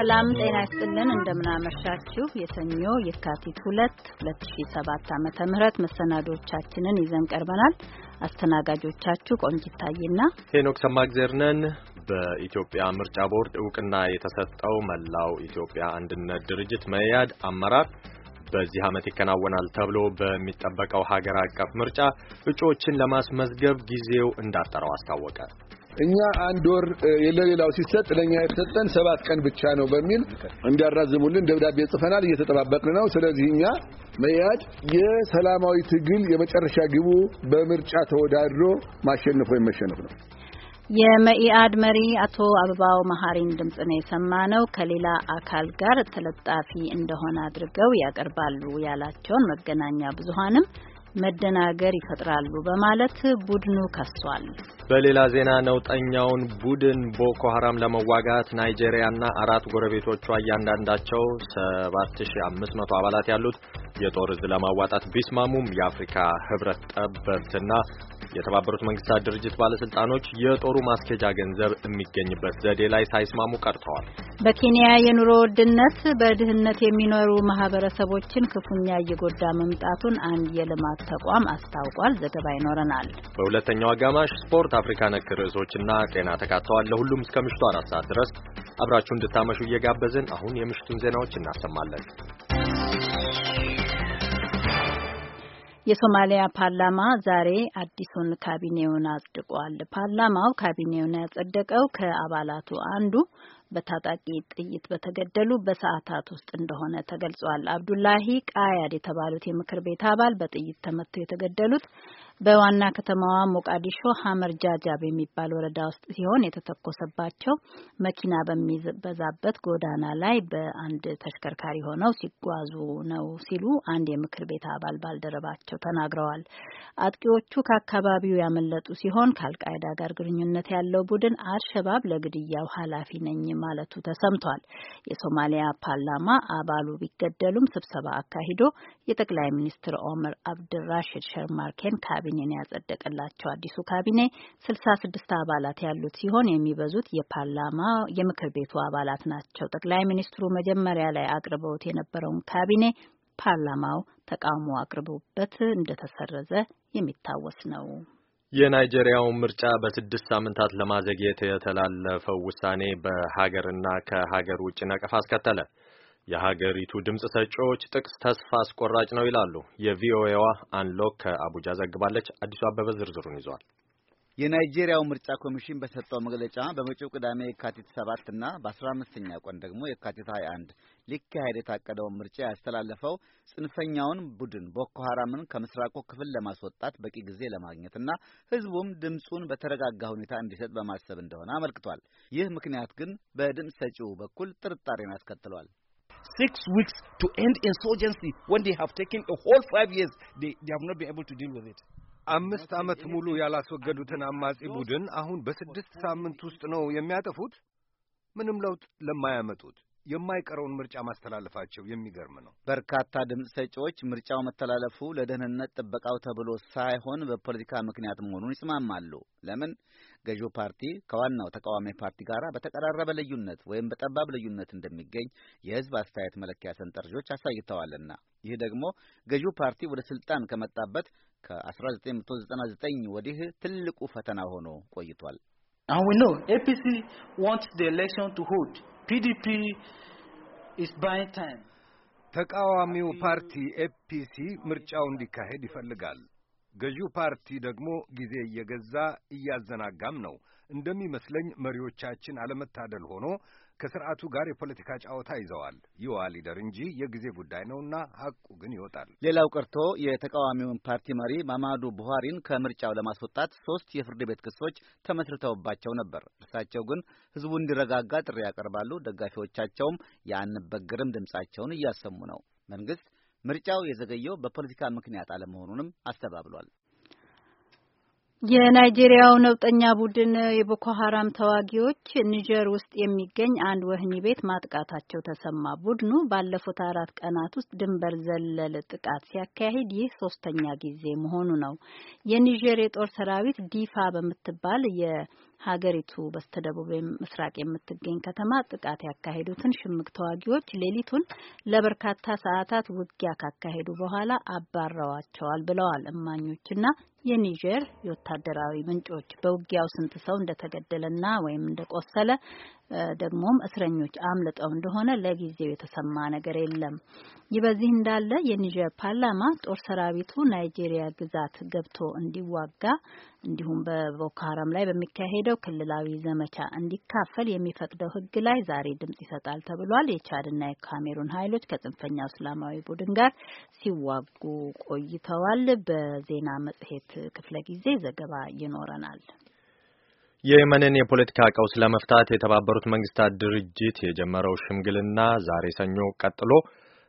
ሰላም ጤና ይስጥልን። እንደምናመሻችሁ የሰኞ የካቲት ሁለት ሁለት ሺ ሰባት ዓመተ ምህረት መሰናዶቻችንን ይዘን ቀርበናል። አስተናጋጆቻችሁ ቆንጂት ታይና ሄኖክ ሰማእግዜር ነን። በኢትዮጵያ ምርጫ ቦርድ እውቅና የተሰጠው መላው ኢትዮጵያ አንድነት ድርጅት መያድ አመራር በዚህ ዓመት ይከናወናል ተብሎ በሚጠበቀው ሀገር አቀፍ ምርጫ እጩዎችን ለማስመዝገብ ጊዜው እንዳጠረው አስታወቀ። እኛ አንድ ወር ለሌላው ሲሰጥ ለኛ የተሰጠን ሰባት ቀን ብቻ ነው በሚል እንዲያራዝሙልን ደብዳቤ ጽፈናል። እየተጠባበቅን ነው። ስለዚህ እኛ መያድ የሰላማዊ ትግል የመጨረሻ ግቡ በምርጫ ተወዳድሮ ማሸነፍ ወይም መሸነፍ ነው። የመኢአድ መሪ አቶ አበባው መሀሪን ድምጽ ነው የሰማነው። ከሌላ አካል ጋር ተለጣፊ እንደሆነ አድርገው ያቀርባሉ ያላቸውን መገናኛ ብዙሀንም መደናገር ይፈጥራሉ በማለት ቡድኑ ከሷል። በሌላ ዜና ነውጠኛውን ቡድን ቦኮ ሀራም ለመዋጋት ናይጄሪያና አራት ጎረቤቶቿ እያንዳንዳቸው 7500 አባላት ያሉት የጦር እዝ ለማዋጣት ቢስማሙም የአፍሪካ ሕብረት ጠበብትና የተባበሩት መንግስታት ድርጅት ባለስልጣኖች የጦሩ ማስኬጃ ገንዘብ የሚገኝበት ዘዴ ላይ ሳይስማሙ ቀርተዋል። በኬንያ የኑሮ ውድነት በድህነት የሚኖሩ ማህበረሰቦችን ክፉኛ እየጎዳ መምጣቱን አንድ የልማት ተቋም አስታውቋል። ዘገባ ይኖረናል። በሁለተኛው አጋማሽ ስፖርት፣ አፍሪካ ነክ ርዕሶችና ጤና ተካተዋል። ለሁሉም እስከ ምሽቱ አራት ሰዓት ድረስ አብራችሁ እንድታመሹ እየጋበዝን አሁን የምሽቱን ዜናዎች እናሰማለን። የሶማሊያ ፓርላማ ዛሬ አዲሱን ካቢኔውን አጽድቋል። ፓርላማው ካቢኔውን ያጸደቀው ከአባላቱ አንዱ በታጣቂ ጥይት በተገደሉ በሰዓታት ውስጥ እንደሆነ ተገልጿል። አብዱላሂ ቃያድ የተባሉት የምክር ቤት አባል በጥይት ተመተው የተገደሉት በዋና ከተማዋ ሞቃዲሾ ሀመር ጃጃብ የሚባል ወረዳ ውስጥ ሲሆን የተተኮሰባቸው መኪና በሚበዛበት ጎዳና ላይ በአንድ ተሽከርካሪ ሆነው ሲጓዙ ነው ሲሉ አንድ የምክር ቤት አባል ባልደረባቸው ተናግረዋል። አጥቂዎቹ ከአካባቢው ያመለጡ ሲሆን ከአልቃይዳ ጋር ግንኙነት ያለው ቡድን አልሸባብ ለግድያው ኃላፊ ነኝ ማለቱ ተሰምቷል። የሶማሊያ ፓርላማ አባሉ ቢገደሉም ስብሰባ አካሂዶ የጠቅላይ ሚኒስትር ኦመር አብድራሽድ ሸርማርኬን ካቢ አዋጁን ያጸደቀላቸው አዲሱ ካቢኔ ስልሳ ስድስት አባላት ያሉት ሲሆን የሚበዙት የፓርላማ የምክር ቤቱ አባላት ናቸው። ጠቅላይ ሚኒስትሩ መጀመሪያ ላይ አቅርበውት የነበረውን ካቢኔ ፓርላማው ተቃውሞ አቅርቦበት እንደተሰረዘ የሚታወስ ነው። የናይጄሪያው ምርጫ በስድስት ሳምንታት ለማዘግየት የተላለፈው ውሳኔ በሀገርና ከሀገር ውጭ ነቀፍ አስከተለ። የሀገሪቱ ድምፅ ሰጪዎች ጥቅስ ተስፋ አስቆራጭ ነው ይላሉ። የቪኦኤዋ አንሎክ ከአቡጃ ዘግባለች። አዲሱ አበበ ዝርዝሩን ይዟል። የናይጄሪያው ምርጫ ኮሚሽን በሰጠው መግለጫ በመጪው ቅዳሜ የካቲት ሰባት እና በአስራ አምስተኛ ቀን ደግሞ የካቲት ሀያ አንድ ሊካሄድ የታቀደውን ምርጫ ያስተላለፈው ጽንፈኛውን ቡድን ቦኮ ሀራምን ከምስራቁ ክፍል ለማስወጣት በቂ ጊዜ ለማግኘትና ሕዝቡም ድምፁን በተረጋጋ ሁኔታ እንዲሰጥ በማሰብ እንደሆነ አመልክቷል። ይህ ምክንያት ግን በድምፅ ሰጪው በኩል ጥርጣሬን አስከትሏል። six weeks to end insurgency when they have taken a whole five years they, they have not been able to deal with it አምስት ዓመት ሙሉ ያላስወገዱትን አማጺ ቡድን አሁን በስድስት ሳምንት ውስጥ ነው የሚያጠፉት ምንም ለውጥ ለማያመጡት የማይቀረውን ምርጫ ማስተላለፋቸው የሚገርም ነው። በርካታ ድምፅ ሰጪዎች ምርጫው መተላለፉ ለደህንነት ጥበቃው ተብሎ ሳይሆን በፖለቲካ ምክንያት መሆኑን ይስማማሉ። ለምን ገዢው ፓርቲ ከዋናው ተቃዋሚ ፓርቲ ጋር በተቀራረበ ልዩነት ወይም በጠባብ ልዩነት እንደሚገኝ የህዝብ አስተያየት መለኪያ ሰንጠረዦች አሳይተዋልና ይህ ደግሞ ገዢው ፓርቲ ወደ ስልጣን ከመጣበት ከ1999 ወዲህ ትልቁ ፈተና ሆኖ ቆይቷል። And we know APC wants the election to hold. PDP is buying time. ተቃዋሚው ፓርቲ ኤፒሲ ምርጫው እንዲካሄድ ይፈልጋል። ገዢው ፓርቲ ደግሞ ጊዜ እየገዛ እያዘናጋም ነው። እንደሚመስለኝ መሪዎቻችን አለመታደል ሆኖ ከስርዓቱ ጋር የፖለቲካ ጨዋታ ይዘዋል። ይዋል ይደር እንጂ የጊዜ ጉዳይ ነውና ሀቁ ግን ይወጣል። ሌላው ቀርቶ የተቃዋሚውን ፓርቲ መሪ ማማዱ ቡሃሪን ከምርጫው ለማስወጣት ሶስት የፍርድ ቤት ክሶች ተመስርተውባቸው ነበር። እርሳቸው ግን ህዝቡ እንዲረጋጋ ጥሪ ያቀርባሉ። ደጋፊዎቻቸውም የአንበግርም ድምጻቸውን እያሰሙ ነው። መንግስት ምርጫው የዘገየው በፖለቲካ ምክንያት አለመሆኑንም አስተባብሏል። የናይጄሪያው ነውጠኛ ቡድን የቦኮ ሀራም ተዋጊዎች ኒጀር ውስጥ የሚገኝ አንድ ወህኒ ቤት ማጥቃታቸው ተሰማ። ቡድኑ ባለፉት አራት ቀናት ውስጥ ድንበር ዘለል ጥቃት ሲያካሂድ ይህ ሶስተኛ ጊዜ መሆኑ ነው። የኒጀር የጦር ሰራዊት ዲፋ በምትባል ሀገሪቱ በስተደቡብ ምስራቅ የምትገኝ ከተማ ጥቃት ያካሄዱትን ሽምቅ ተዋጊዎች ሌሊቱን ለበርካታ ሰዓታት ውጊያ ካካሄዱ በኋላ አባረዋቸዋል ብለዋል እማኞችና የኒጀር የወታደራዊ ምንጮች። በውጊያው ስንት ሰው እንደተገደለና ወይም እንደቆሰለ ደግሞም እስረኞች አምልጠው እንደሆነ ለጊዜው የተሰማ ነገር የለም። ይህ በዚህ እንዳለ የኒጀር ፓርላማ ጦር ሰራዊቱ ናይጄሪያ ግዛት ገብቶ እንዲዋጋ እንዲሁም በቦኮ ሀራም ላይ በሚካሄደው ክልላዊ ዘመቻ እንዲካፈል የሚፈቅደው ሕግ ላይ ዛሬ ድምጽ ይሰጣል ተብሏል። የቻድና የካሜሩን ኃይሎች ከጽንፈኛው እስላማዊ ቡድን ጋር ሲዋጉ ቆይተዋል። በዜና መጽሔት ክፍለ ጊዜ ዘገባ ይኖረናል። የየመንን የፖለቲካ ቀውስ ለመፍታት የተባበሩት መንግስታት ድርጅት የጀመረው ሽምግልና ዛሬ ሰኞ ቀጥሎ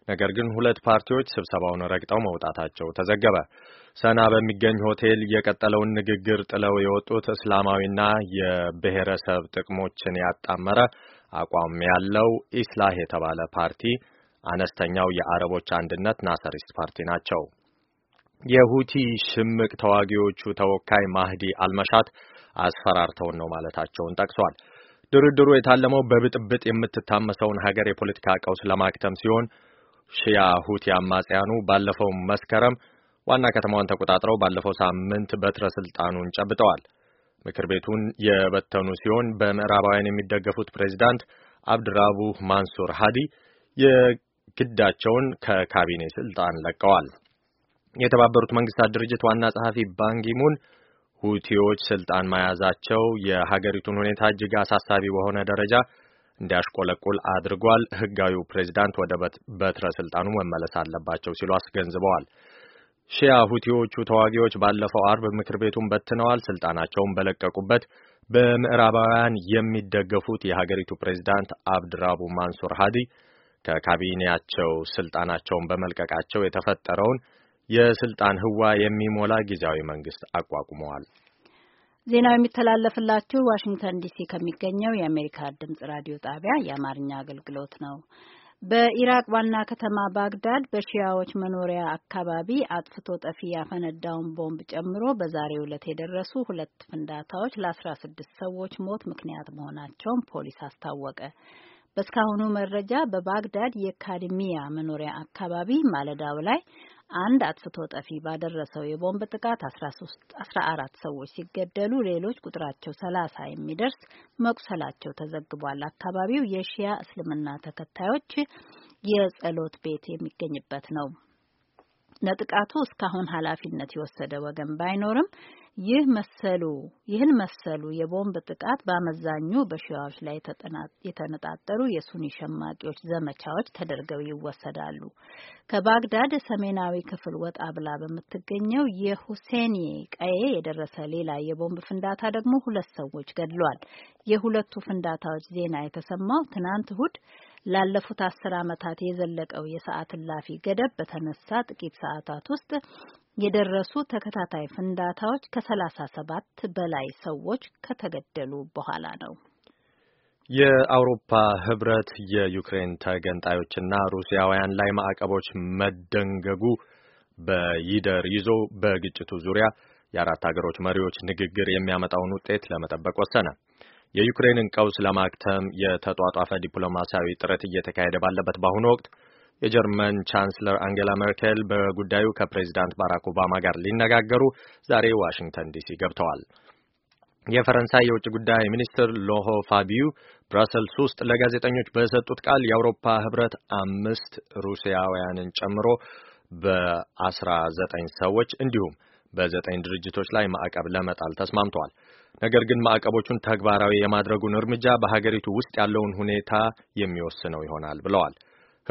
ነገር ግን ሁለት ፓርቲዎች ስብሰባውን ረግጠው መውጣታቸው ተዘገበ። ሰና በሚገኝ ሆቴል የቀጠለውን ንግግር ጥለው የወጡት እስላማዊና የብሔረሰብ ጥቅሞችን ያጣመረ አቋም ያለው ኢስላህ የተባለ ፓርቲ አነስተኛው የአረቦች አንድነት ናሰሪስት ፓርቲ ናቸው። የሁቲ ሽምቅ ተዋጊዎቹ ተወካይ ማህዲ አልመሻት አስፈራርተውን ነው ማለታቸውን ጠቅሷል። ድርድሩ የታለመው በብጥብጥ የምትታመሰውን ሀገር የፖለቲካ ቀውስ ለማክተም ሲሆን ሺያ ሁቲ አማጽያኑ ባለፈው መስከረም ዋና ከተማዋን ተቆጣጥረው ባለፈው ሳምንት በትረ ስልጣኑን ጨብጠዋል። ምክር ቤቱን የበተኑ ሲሆን በምዕራባውያን የሚደገፉት ፕሬዚዳንት አብድራቡ ማንሱር ሃዲ የግዳቸውን ከካቢኔ ስልጣን ለቀዋል። የተባበሩት መንግስታት ድርጅት ዋና ጸሐፊ ባንኪሙን ሁቲዎች ስልጣን መያዛቸው የሀገሪቱን ሁኔታ እጅግ አሳሳቢ በሆነ ደረጃ እንዲያሽቆለቁል አድርጓል። ህጋዊው ፕሬዚዳንት ወደ በትረ ስልጣኑ መመለስ አለባቸው ሲሉ አስገንዝበዋል። ሺያ ሁቲዎቹ ተዋጊዎች ባለፈው አርብ ምክር ቤቱን በትነዋል። ስልጣናቸውን በለቀቁበት በምዕራባውያን የሚደገፉት የሀገሪቱ ፕሬዚዳንት አብድራቡ ማንሱር ሀዲ ከካቢኔያቸው ስልጣናቸውን በመልቀቃቸው የተፈጠረውን የስልጣን ህዋ የሚሞላ ጊዜያዊ መንግስት አቋቁመዋል። ዜናው የሚተላለፍላችሁ ዋሽንግተን ዲሲ ከሚገኘው የአሜሪካ ድምጽ ራዲዮ ጣቢያ የአማርኛ አገልግሎት ነው። በኢራቅ ዋና ከተማ ባግዳድ በሺያዎች መኖሪያ አካባቢ አጥፍቶ ጠፊ ያፈነዳውን ቦምብ ጨምሮ በዛሬው ዕለት የደረሱ ሁለት ፍንዳታዎች ለአስራ ስድስት ሰዎች ሞት ምክንያት መሆናቸውን ፖሊስ አስታወቀ። በእስካሁኑ መረጃ በባግዳድ የካድሚያ መኖሪያ አካባቢ ማለዳው ላይ አንድ አጥፍቶ ጠፊ ባደረሰው የቦምብ ጥቃት 13 14 ሰዎች ሲገደሉ ሌሎች ቁጥራቸው 30 የሚደርስ መቁሰላቸው ተዘግቧል። አካባቢው የሺያ እስልምና ተከታዮች የጸሎት ቤት የሚገኝበት ነው። ለጥቃቱ እስካሁን ኃላፊነት የወሰደ ወገን ባይኖርም ይህ መሰሉ ይህን መሰሉ የቦምብ ጥቃት በአመዛኙ በሺያዎች ላይ የተነጣጠሩ የሱኒ ሸማቂዎች ዘመቻዎች ተደርገው ይወሰዳሉ። ከባግዳድ ሰሜናዊ ክፍል ወጣ ብላ በምትገኘው የሁሴኒ ቀዬ የደረሰ ሌላ የቦምብ ፍንዳታ ደግሞ ሁለት ሰዎች ገድሏል። የሁለቱ ፍንዳታዎች ዜና የተሰማው ትናንት እሁድ ላለፉት አስር ዓመታት የዘለቀው የሰዓት እላፊ ገደብ በተነሳ ጥቂት ሰዓታት ውስጥ የደረሱ ተከታታይ ፍንዳታዎች ከ37 በላይ ሰዎች ከተገደሉ በኋላ ነው። የአውሮፓ ህብረት የዩክሬን ተገንጣዮችና ሩሲያውያን ላይ ማዕቀቦች መደንገጉ በይደር ይዞ በግጭቱ ዙሪያ የአራት ሀገሮች መሪዎች ንግግር የሚያመጣውን ውጤት ለመጠበቅ ወሰነ። የዩክሬንን ቀውስ ለማክተም የተጧጧፈ ዲፕሎማሲያዊ ጥረት እየተካሄደ ባለበት በአሁኑ ወቅት የጀርመን ቻንስለር አንጌላ ሜርኬል በጉዳዩ ከፕሬዚዳንት ባራክ ኦባማ ጋር ሊነጋገሩ ዛሬ ዋሽንግተን ዲሲ ገብተዋል። የፈረንሳይ የውጭ ጉዳይ ሚኒስትር ሎሆ ፋቢዩ ብራሰልስ ውስጥ ለጋዜጠኞች በሰጡት ቃል የአውሮፓ ህብረት አምስት ሩሲያውያንን ጨምሮ በአስራ ዘጠኝ ሰዎች እንዲሁም በዘጠኝ ድርጅቶች ላይ ማዕቀብ ለመጣል ተስማምተዋል። ነገር ግን ማዕቀቦቹን ተግባራዊ የማድረጉን እርምጃ በሀገሪቱ ውስጥ ያለውን ሁኔታ የሚወስነው ይሆናል ብለዋል።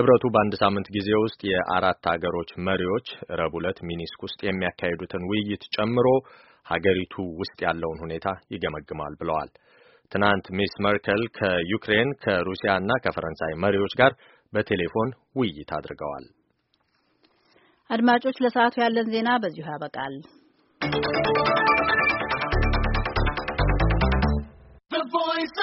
ህብረቱ በአንድ ሳምንት ጊዜ ውስጥ የአራት ሀገሮች መሪዎች ረቡዕ ዕለት ሚኒስክ ውስጥ የሚያካሂዱትን ውይይት ጨምሮ ሀገሪቱ ውስጥ ያለውን ሁኔታ ይገመግማል ብለዋል። ትናንት ሚስ መርከል ከዩክሬን ከሩሲያ እና ከፈረንሳይ መሪዎች ጋር በቴሌፎን ውይይት አድርገዋል። አድማጮች፣ ለሰዓቱ ያለን ዜና በዚሁ ያበቃል። The voice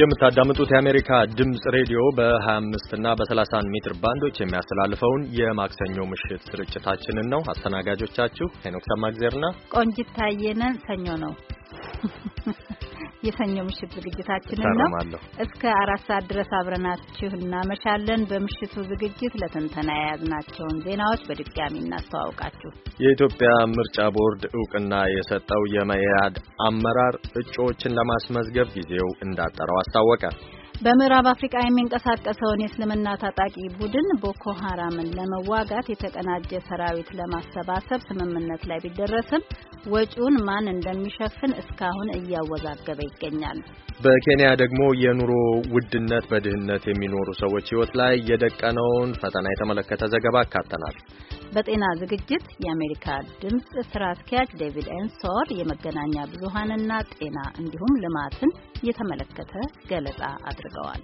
የምታዳምጡት የአሜሪካ ድምፅ ሬዲዮ በ25 እና በ31 ሜትር ባንዶች የሚያስተላልፈውን የማክሰኞ ምሽት ስርጭታችንን ነው። አስተናጋጆቻችሁ ሄኖክ ሰማግዜርና ቆንጂት ታየነን። ሰኞ ነው የሰኞ ምሽት ዝግጅታችንን ነው። እስከ አራት ሰዓት ድረስ አብረናችሁ እናመሻለን። በምሽቱ ዝግጅት ለትንተና የያዝናቸውን ዜናዎች በድጋሚ እናስተዋውቃችሁ። የኢትዮጵያ ምርጫ ቦርድ እውቅና የሰጠው የመያድ አመራር እጩዎችን ለማስመዝገብ ጊዜው እንዳጠረው አስታወቀ። በምዕራብ አፍሪቃ የሚንቀሳቀሰውን የእስልምና ታጣቂ ቡድን ቦኮ ሀራምን ለመዋጋት የተቀናጀ ሰራዊት ለማሰባሰብ ስምምነት ላይ ቢደረስም ወጪውን ማን እንደሚሸፍን እስካሁን እያወዛገበ ይገኛል። በኬንያ ደግሞ የኑሮ ውድነት በድህነት የሚኖሩ ሰዎች ሕይወት ላይ የደቀነውን ፈተና የተመለከተ ዘገባ አካተናል። በጤና ዝግጅት የአሜሪካ ድምጽ ስራ አስኪያጅ ዴቪድ ኤንሶር የመገናኛ ብዙኃንና ጤና እንዲሁም ልማትን የተመለከተ ገለጻ አድርገዋል።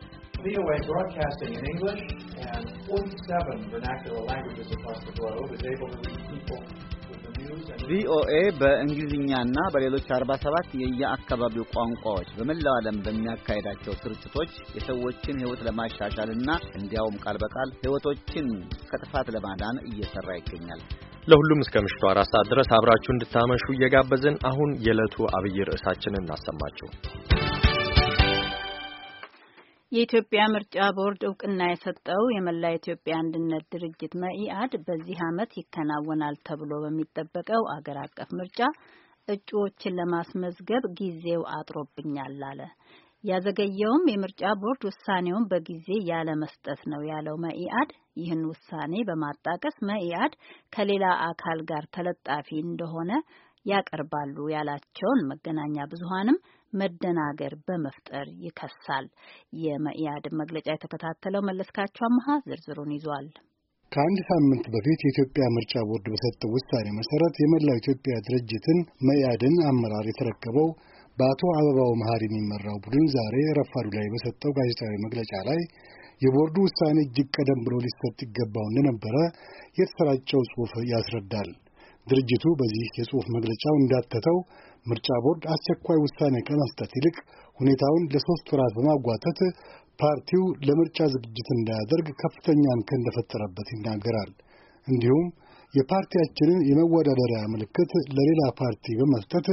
ቪኦኤ በእንግሊዝኛና በሌሎች 47 የየአካባቢው ቋንቋዎች በመላው ዓለም በሚያካሄዳቸው ስርጭቶች የሰዎችን ሕይወት ለማሻሻልና እንዲያውም ቃል በቃል ሕይወቶችን ከጥፋት ለማዳን እየሰራ ይገኛል። ለሁሉም እስከ ምሽቱ አራት ሰዓት ድረስ አብራችሁ እንድታመሹ እየጋበዝን አሁን የዕለቱ አብይ ርዕሳችንን እናሰማችሁ። የኢትዮጵያ ምርጫ ቦርድ እውቅና የሰጠው የመላ ኢትዮጵያ አንድነት ድርጅት መኢአድ በዚህ ዓመት ይከናወናል ተብሎ በሚጠበቀው አገር አቀፍ ምርጫ እጩዎችን ለማስመዝገብ ጊዜው አጥሮብኛል አለ። ያዘገየውም የምርጫ ቦርድ ውሳኔውን በጊዜ ያለመስጠት ነው ያለው መኢአድ ይህን ውሳኔ በማጣቀስ መኢአድ ከሌላ አካል ጋር ተለጣፊ እንደሆነ ያቀርባሉ ያላቸውን መገናኛ ብዙሃንም። መደናገር በመፍጠር ይከሳል። የመኢአድን መግለጫ የተከታተለው መለስካቸው አመሀ ዝርዝሩን ይዟል። ከአንድ ሳምንት በፊት የኢትዮጵያ ምርጫ ቦርድ በሰጠው ውሳኔ መሰረት የመላው ኢትዮጵያ ድርጅትን መኢአድን አመራር የተረከበው በአቶ አበባው መሀሪ የሚመራው ቡድን ዛሬ ረፋዱ ላይ በሰጠው ጋዜጣዊ መግለጫ ላይ የቦርዱ ውሳኔ እጅግ ቀደም ብሎ ሊሰጥ ይገባው እንደነበረ የተሰራጨው ጽሑፍ ያስረዳል። ድርጅቱ በዚህ የጽሑፍ መግለጫው እንዳተተው ምርጫ ቦርድ አስቸኳይ ውሳኔ ከመስጠት ይልቅ ሁኔታውን ለሶስት ወራት በማጓተት ፓርቲው ለምርጫ ዝግጅት እንዳያደርግ ከፍተኛ እንከን እንደፈጠረበት ይናገራል። እንዲሁም የፓርቲያችንን የመወዳደሪያ ምልክት ለሌላ ፓርቲ በመስጠት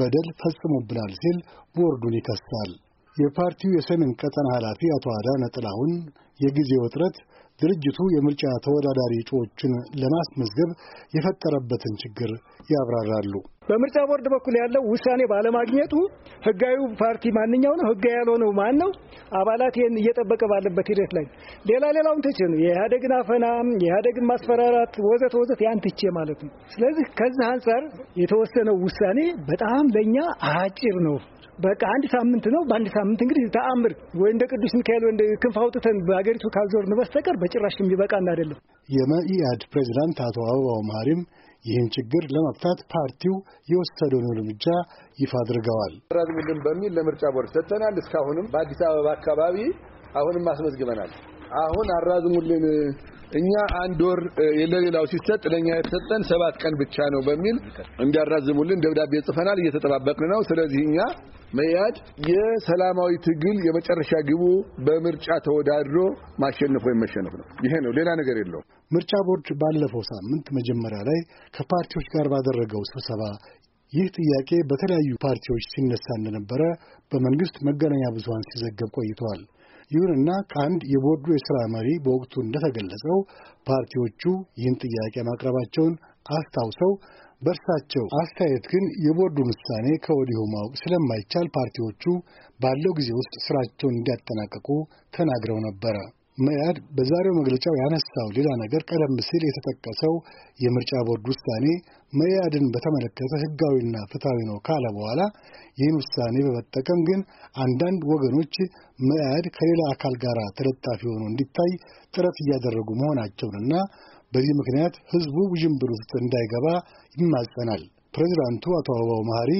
በደል ፈጽሞብናል ሲል ቦርዱን ይከሳል። የፓርቲው የሰሜን ቀጠና ኃላፊ አቶ አዳነ ጥላሁን የጊዜ ውጥረት ድርጅቱ የምርጫ ተወዳዳሪ እጩዎችን ለማስመዝገብ የፈጠረበትን ችግር ያብራራሉ። በምርጫ ቦርድ በኩል ያለው ውሳኔ ባለማግኘቱ ህጋዊ ፓርቲ ማንኛው ነው? ህጋዊ ያልሆነው ማን ነው? አባላት ይህን እየጠበቀ ባለበት ሂደት ላይ ሌላ ሌላውን ትቼ ነው የኢህአደግን አፈና፣ የኢህአደግን ማስፈራራት ወዘት ወዘት ያን ትቼ ማለት ነው። ስለዚህ ከዚህ አንጻር የተወሰነው ውሳኔ በጣም ለእኛ አጭር ነው። በቃ አንድ ሳምንት ነው። በአንድ ሳምንት እንግዲህ ተአምር ወይ እንደ ቅዱስ ሚካኤል ወይ እንደ ክንፍ አውጥተን በሀገሪቱ ካልዞርን በስተቀር በጭራሽ የሚበቃን አይደለም። የመኢአድ ፕሬዚዳንት አቶ አበባው መሀሪም ይህን ችግር ለመፍታት ፓርቲው የወሰደውን እርምጃ ይፋ አድርገዋል። ራዝምልን በሚል ለምርጫ ቦርድ ሰጥተናል። እስካሁንም በአዲስ አበባ አካባቢ አሁንም አስመዝግበናል። አሁን አራዝሙልን እኛ አንድ ወር ለሌላው ሲሰጥ ለኛ የተሰጠን ሰባት ቀን ብቻ ነው በሚል እንዲያራዝሙልን ደብዳቤ ጽፈናል። እየተጠባበቅን ነው። ስለዚህ እኛ መያድ የሰላማዊ ትግል የመጨረሻ ግቡ በምርጫ ተወዳድሮ ማሸነፍ ወይም መሸነፍ ነው። ይሄ ነው፣ ሌላ ነገር የለውም። ምርጫ ቦርድ ባለፈው ሳምንት መጀመሪያ ላይ ከፓርቲዎች ጋር ባደረገው ስብሰባ ይህ ጥያቄ በተለያዩ ፓርቲዎች ሲነሳ እንደነበረ በመንግስት መገናኛ ብዙኃን ሲዘገብ ቆይተዋል። ይሁንና ከአንድ የቦርዱ የሥራ መሪ በወቅቱ እንደተገለጸው ፓርቲዎቹ ይህን ጥያቄ ማቅረባቸውን አስታውሰው በእርሳቸው አስተያየት ግን የቦርዱን ውሳኔ ከወዲሁ ማወቅ ስለማይቻል ፓርቲዎቹ ባለው ጊዜ ውስጥ ስራቸውን እንዲያጠናቀቁ ተናግረው ነበረ። መያድ በዛሬው መግለጫው ያነሳው ሌላ ነገር ቀደም ሲል የተጠቀሰው የምርጫ ቦርድ ውሳኔ መያድን በተመለከተ ሕጋዊና ፍትሐዊ ነው ካለ በኋላ ይህን ውሳኔ በመጠቀም ግን አንዳንድ ወገኖች መያድ ከሌላ አካል ጋር ተለጣፊ ሆኖ እንዲታይ ጥረት እያደረጉ መሆናቸውንና በዚህ ምክንያት ሕዝቡ ውዥንብር ውስጥ እንዳይገባ ይማጸናል። ፕሬዚዳንቱ አቶ አበባው መሐሪ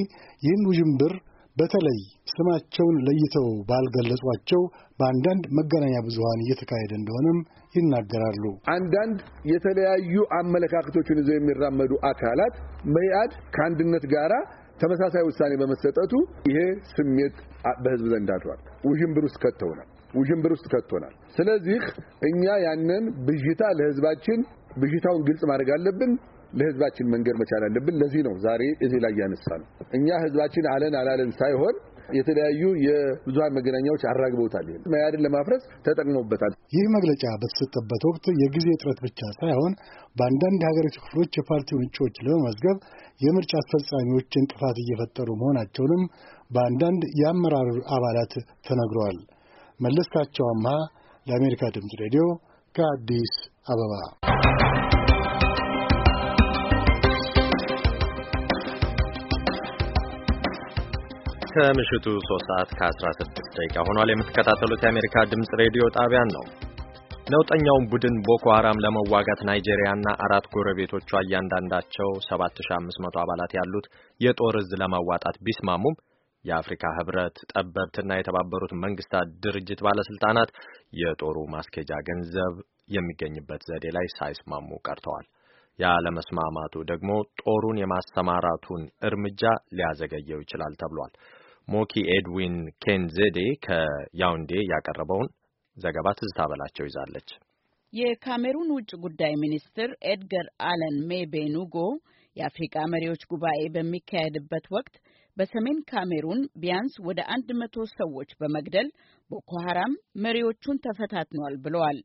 ይህን ውዥንብር በተለይ ስማቸውን ለይተው ባልገለጿቸው በአንዳንድ መገናኛ ብዙሀን እየተካሄደ እንደሆነም ይናገራሉ። አንዳንድ የተለያዩ አመለካከቶችን ይዘው የሚራመዱ አካላት መኢአድ ከአንድነት ጋራ ተመሳሳይ ውሳኔ በመሰጠቱ ይሄ ስሜት በህዝብ ዘንድ አድሯል። ውዥንብር ውስጥ ከተውናል። ውዥንብር ውስጥ ከቶናል። ስለዚህ እኛ ያንን ብዥታ ለህዝባችን ብዥታውን ግልጽ ማድረግ አለብን። ለህዝባችን መንገድ መቻል አለብን። ለዚህ ነው ዛሬ እዚህ ላይ ያነሳ ነው። እኛ ህዝባችን አለን አላለን ሳይሆን የተለያዩ የብዙሀን መገናኛዎች አራግበውታል። መያድን ለማፍረስ ተጠቅመውበታል። ይህ መግለጫ በተሰጠበት ወቅት የጊዜ እጥረት ብቻ ሳይሆን በአንዳንድ የሀገሪቱ ክፍሎች የፓርቲውን እጩዎች ለመመዝገብ የምርጫ አስፈጻሚዎች እንቅፋት እየፈጠሩ መሆናቸውንም በአንዳንድ የአመራር አባላት ተነግረዋል። መለስካቸው አምሃ ለአሜሪካ ድምፅ ሬዲዮ ከአዲስ አበባ ከምሽቱ 3 ሰዓት ከ16 ደቂቃ ሆኗል። የምትከታተሉት የአሜሪካ ድምፅ ሬዲዮ ጣቢያን ነው። ነውጠኛውን ቡድን ቦኮ ሀራም ለመዋጋት ናይጄሪያና አራት ጎረቤቶቿ እያንዳንዳቸው 7500 አባላት ያሉት የጦር እዝ ለማዋጣት ቢስማሙም የአፍሪካ ህብረት ጠበብትና የተባበሩት መንግስታት ድርጅት ባለስልጣናት የጦሩ ማስኬጃ ገንዘብ የሚገኝበት ዘዴ ላይ ሳይስማሙ ቀርተዋል። ያለመስማማቱ ደግሞ ጦሩን የማሰማራቱን እርምጃ ሊያዘገየው ይችላል ተብሏል። ሞኪ ኤድዊን ኬንዜዴ ከያውንዴ ያቀረበውን ዘገባ ትዝታ በላቸው ይዛለች። የካሜሩን ውጭ ጉዳይ ሚኒስትር ኤድገር አለን ሜቤኑጎ የአፍሪቃ መሪዎች ጉባኤ በሚካሄድበት ወቅት በሰሜን ካሜሩን ቢያንስ ወደ አንድ መቶ ሰዎች በመግደል ቦኮ ሀራም መሪዎቹን ተፈታትኗል ብለዋል።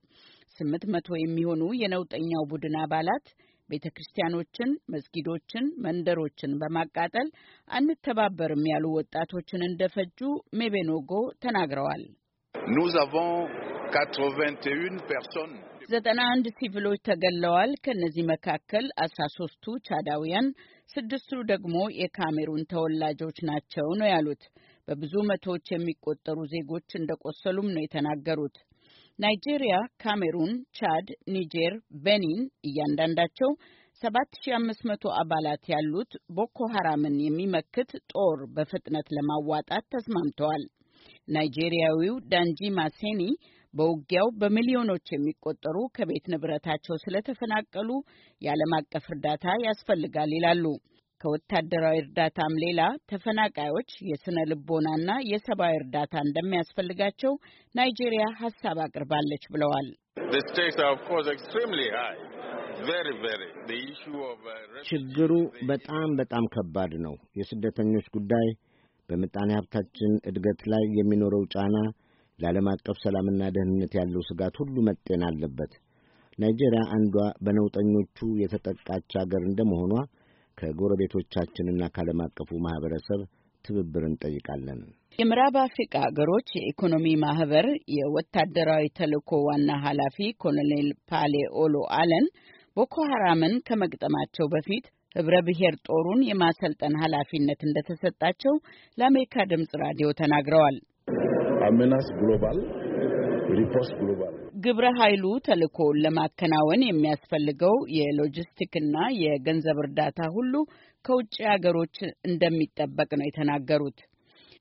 ስምንት መቶ የሚሆኑ የነውጠኛው ቡድን አባላት ቤተ ክርስቲያኖችን፣ መስጊዶችን፣ መንደሮችን በማቃጠል አንተባበርም ያሉ ወጣቶችን እንደፈጁ ሜቤኖጎ ተናግረዋል። ዘጠና አንድ ሲቪሎች ተገለዋል። ከእነዚህ መካከል አስራ ሶስቱ ቻዳውያን፣ ስድስቱ ደግሞ የካሜሩን ተወላጆች ናቸው ነው ያሉት። በብዙ መቶዎች የሚቆጠሩ ዜጎች እንደቆሰሉም ነው የተናገሩት። ናይጄሪያ፣ ካሜሩን፣ ቻድ፣ ኒጀር፣ ቤኒን እያንዳንዳቸው 7500 አባላት ያሉት ቦኮ ሐራምን የሚመክት ጦር በፍጥነት ለማዋጣት ተስማምተዋል። ናይጄሪያዊው ዳንጂ ማሴኒ በውጊያው በሚሊዮኖች የሚቆጠሩ ከቤት ንብረታቸው ስለተፈናቀሉ የዓለም አቀፍ እርዳታ ያስፈልጋል ይላሉ። ከወታደራዊ እርዳታም ሌላ ተፈናቃዮች የስነ ልቦናና የሰብአዊ እርዳታ እንደሚያስፈልጋቸው ናይጄሪያ ሀሳብ አቅርባለች ብለዋል። uh, ችግሩ በጣም በጣም ከባድ ነው። የስደተኞች ጉዳይ በምጣኔ ሀብታችን እድገት ላይ የሚኖረው ጫና፣ ለዓለም አቀፍ ሰላምና ደህንነት ያለው ስጋት ሁሉ መጤን አለበት። ናይጄሪያ አንዷ በነውጠኞቹ የተጠቃች አገር እንደመሆኗ ከጎረቤቶቻችንና ከዓለም አቀፉ ማህበረሰብ ትብብር እንጠይቃለን። የምዕራብ አፍሪቃ አገሮች የኢኮኖሚ ማህበር የወታደራዊ ተልዕኮ ዋና ኃላፊ ኮሎኔል ፓሌ ኦሎ አለን ቦኮ ሐራምን ከመግጠማቸው በፊት ህብረ ብሔር ጦሩን የማሰልጠን ኃላፊነት እንደተሰጣቸው ለአሜሪካ ድምፅ ራዲዮ ተናግረዋል። አሜናስ ግሎባል ሪፖርስ ግሎባል ግብረ ኃይሉ ተልእኮውን ለማከናወን የሚያስፈልገው የሎጂስቲክና የገንዘብ እርዳታ ሁሉ ከውጭ ሀገሮች እንደሚጠበቅ ነው የተናገሩት።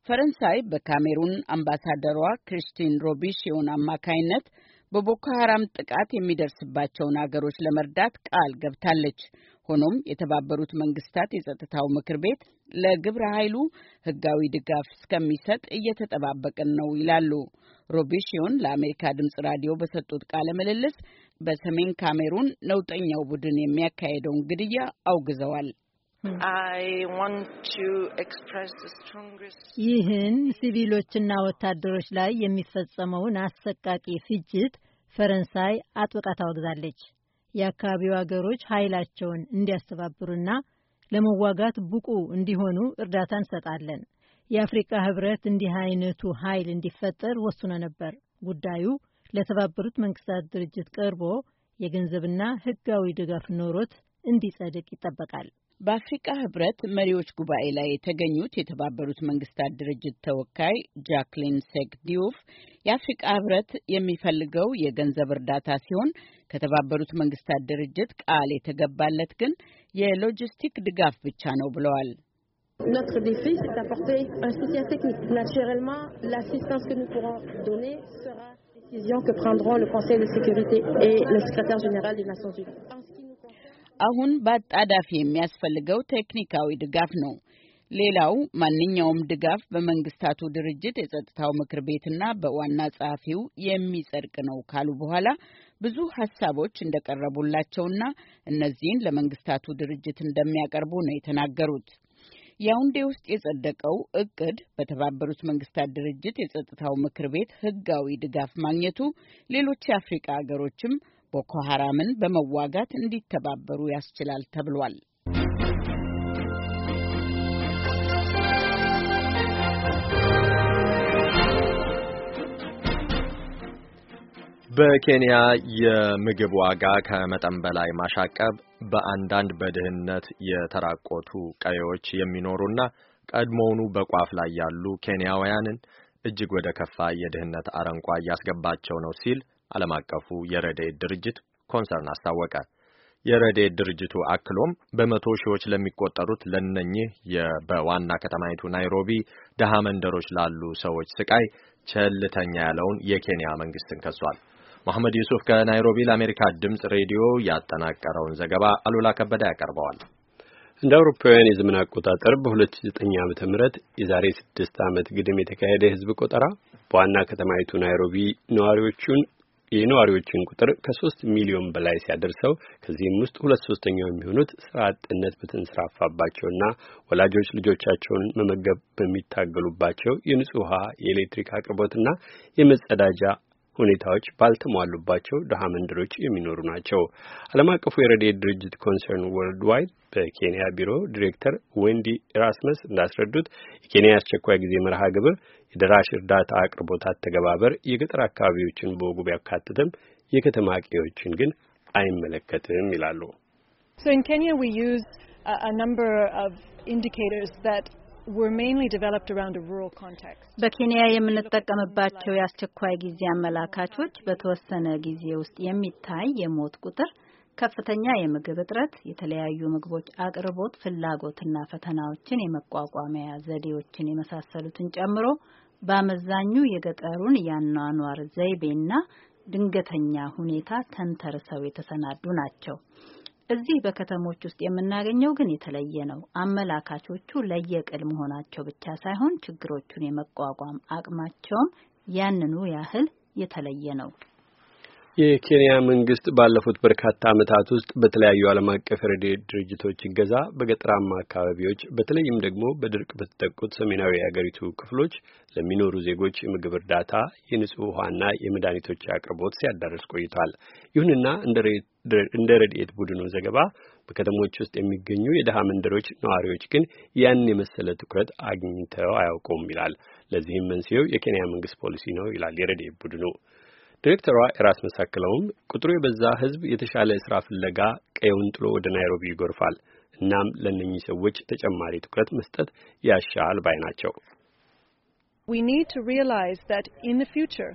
ፈረንሳይ በካሜሩን አምባሳደሯ ክሪስቲን ሮቢሺዮን አማካይነት በቦኮ ሀራም ጥቃት የሚደርስባቸውን አገሮች ለመርዳት ቃል ገብታለች። ሆኖም የተባበሩት መንግስታት የጸጥታው ምክር ቤት ለግብረ ኃይሉ ህጋዊ ድጋፍ እስከሚሰጥ እየተጠባበቅን ነው ይላሉ። ሮቢሽዮን ለአሜሪካ ድምፅ ራዲዮ በሰጡት ቃለ ምልልስ በሰሜን ካሜሩን ነውጠኛው ቡድን የሚያካሄደውን ግድያ አውግዘዋል። ይህን ሲቪሎችና ወታደሮች ላይ የሚፈጸመውን አሰቃቂ ፍጅት ፈረንሳይ አጥብቃ ታወግዛለች። የአካባቢው አገሮች ኃይላቸውን እንዲያስተባብሩና ለመዋጋት ብቁ እንዲሆኑ እርዳታ እንሰጣለን። የአፍሪቃ ህብረት እንዲህ አይነቱ ኃይል እንዲፈጠር ወስኖ ነበር። ጉዳዩ ለተባበሩት መንግስታት ድርጅት ቀርቦ የገንዘብና ህጋዊ ድጋፍ ኖሮት እንዲጸድቅ ይጠበቃል። በአፍሪቃ ህብረት መሪዎች ጉባኤ ላይ የተገኙት የተባበሩት መንግስታት ድርጅት ተወካይ ጃክሊን ሴክ ዲዩፍ የአፍሪቃ ህብረት የሚፈልገው የገንዘብ እርዳታ ሲሆን ከተባበሩት መንግስታት ድርጅት ቃል የተገባለት ግን የሎጂስቲክ ድጋፍ ብቻ ነው ብለዋል። Notre défi, c'est d'apporter un soutien technique. Naturellement, l'assistance que nous pourrons donner sera la décision que prendront le Conseil de sécurité et le secrétaire général des Nations Unies. አሁን በአጣዳፊ የሚያስፈልገው ቴክኒካዊ ድጋፍ ነው። ሌላው ማንኛውም ድጋፍ በመንግስታቱ ድርጅት የጸጥታው ምክር ቤትና በዋና ጸሐፊው የሚጸድቅ ነው ካሉ በኋላ ብዙ ሀሳቦች እንደቀረቡላቸውና እነዚህን ለመንግስታቱ ድርጅት እንደሚያቀርቡ ነው የተናገሩት። ያውንዴ ውስጥ የጸደቀው እቅድ በተባበሩት መንግስታት ድርጅት የጸጥታው ምክር ቤት ህጋዊ ድጋፍ ማግኘቱ ሌሎች የአፍሪቃ አገሮችም ቦኮ በመዋጋት እንዲተባበሩ ያስችላል ተብሏል። በኬንያ የምግብ ዋጋ ከመጠን በላይ ማሻቀብ በአንዳንድ በድህነት የተራቆቱ ቀዬዎች የሚኖሩና ቀድሞውኑ በቋፍ ላይ ያሉ ኬንያውያንን እጅግ ወደ ከፋ የድህነት አረንቋ እያስገባቸው ነው ሲል ዓለም አቀፉ የረድኤት ድርጅት ኮንሰርን አስታወቀ። የረድኤት ድርጅቱ አክሎም በመቶ ሺዎች ለሚቆጠሩት ለነኚህ በዋና ከተማይቱ ናይሮቢ ድሃ መንደሮች ላሉ ሰዎች ስቃይ ቸልተኛ ያለውን የኬንያ መንግስትን ከሷል። መሐመድ ዩሱፍ ከናይሮቢ ለአሜሪካ ድምፅ ሬዲዮ ያጠናቀረውን ዘገባ አሉላ ከበደ ያቀርበዋል። እንደ አውሮፓውያን የዘመን አቆጣጠር በ2009 ዓ ም የዛሬ ስድስት ዓመት ግድም የተካሄደ የህዝብ ቆጠራ በዋና ከተማይቱ ናይሮቢ ነዋሪዎቹን የነዋሪዎችን ቁጥር ከሶስት ሚሊዮን በላይ ሲያደርሰው ከዚህም ውስጥ ሁለት ሶስተኛው የሚሆኑት ስራ አጥነት በተንሰራፋባቸውና ወላጆች ልጆቻቸውን መመገብ በሚታገሉባቸው የንጹህ ውሃ፣ የኤሌክትሪክ አቅርቦትና የመጸዳጃ ሁኔታዎች ባልተሟሉባቸው ድሀ መንደሮች የሚኖሩ ናቸው። ዓለም አቀፉ የረድኤት ድርጅት ኮንሰርን ወርልድ ዋይድ በኬንያ ቢሮ ዲሬክተር ዌንዲ ኤራስመስ እንዳስረዱት የኬንያ አስቸኳይ ጊዜ መርሃ ግብር የደራሽ እርዳታ አቅርቦት አተገባበር የገጠር አካባቢዎችን በወጉ ቢያካትትም የከተማ አቅዎችን ግን አይመለከትም ይላሉ። So in Kenya we use a number of indicators that በኬንያ የምንጠቀምባቸው የአስቸኳይ ጊዜ አመላካቾች በተወሰነ ጊዜ ውስጥ የሚታይ የሞት ቁጥር፣ ከፍተኛ የምግብ እጥረት፣ የተለያዩ ምግቦች አቅርቦት ፍላጎትና ፈተናዎችን የመቋቋሚያ ዘዴዎችን የመሳሰሉትን ጨምሮ በአመዛኙ የገጠሩን የአኗኗር ዘይቤና ድንገተኛ ሁኔታ ተንተርሰው የተሰናዱ ናቸው። እዚህ በከተሞች ውስጥ የምናገኘው ግን የተለየ ነው። አመላካቾቹ ለየቅል መሆናቸው ብቻ ሳይሆን ችግሮቹን የመቋቋም አቅማቸውም ያንኑ ያህል የተለየ ነው። የኬንያ መንግስት ባለፉት በርካታ ዓመታት ውስጥ በተለያዩ ዓለም አቀፍ የረድኤት ድርጅቶች እገዛ በገጠራማ አካባቢዎች በተለይም ደግሞ በድርቅ በተጠቁት ሰሜናዊ የአገሪቱ ክፍሎች ለሚኖሩ ዜጎች የምግብ እርዳታ፣ የንጹህ ውሃና የመድኃኒቶች አቅርቦት ሲያዳርስ ቆይቷል። ይሁንና እንደ እንደ ረድኤት ቡድኑ ዘገባ በከተሞች ውስጥ የሚገኙ የድሃ መንደሮች ነዋሪዎች ግን ያን የመሰለ ትኩረት አግኝተው አያውቁም ይላል። ለዚህም መንስኤው የኬንያ መንግስት ፖሊሲ ነው ይላል የረድኤት ቡድኑ ዲሬክተሯ የራስ መሳክለውም ቁጥሩ የበዛ ህዝብ የተሻለ ስራ ፍለጋ ቀየውን ጥሎ ወደ ናይሮቢ ይጎርፋል። እናም ለእነኚህ ሰዎች ተጨማሪ ትኩረት መስጠት ያሻል ባይ ናቸው። We need to realize that in the future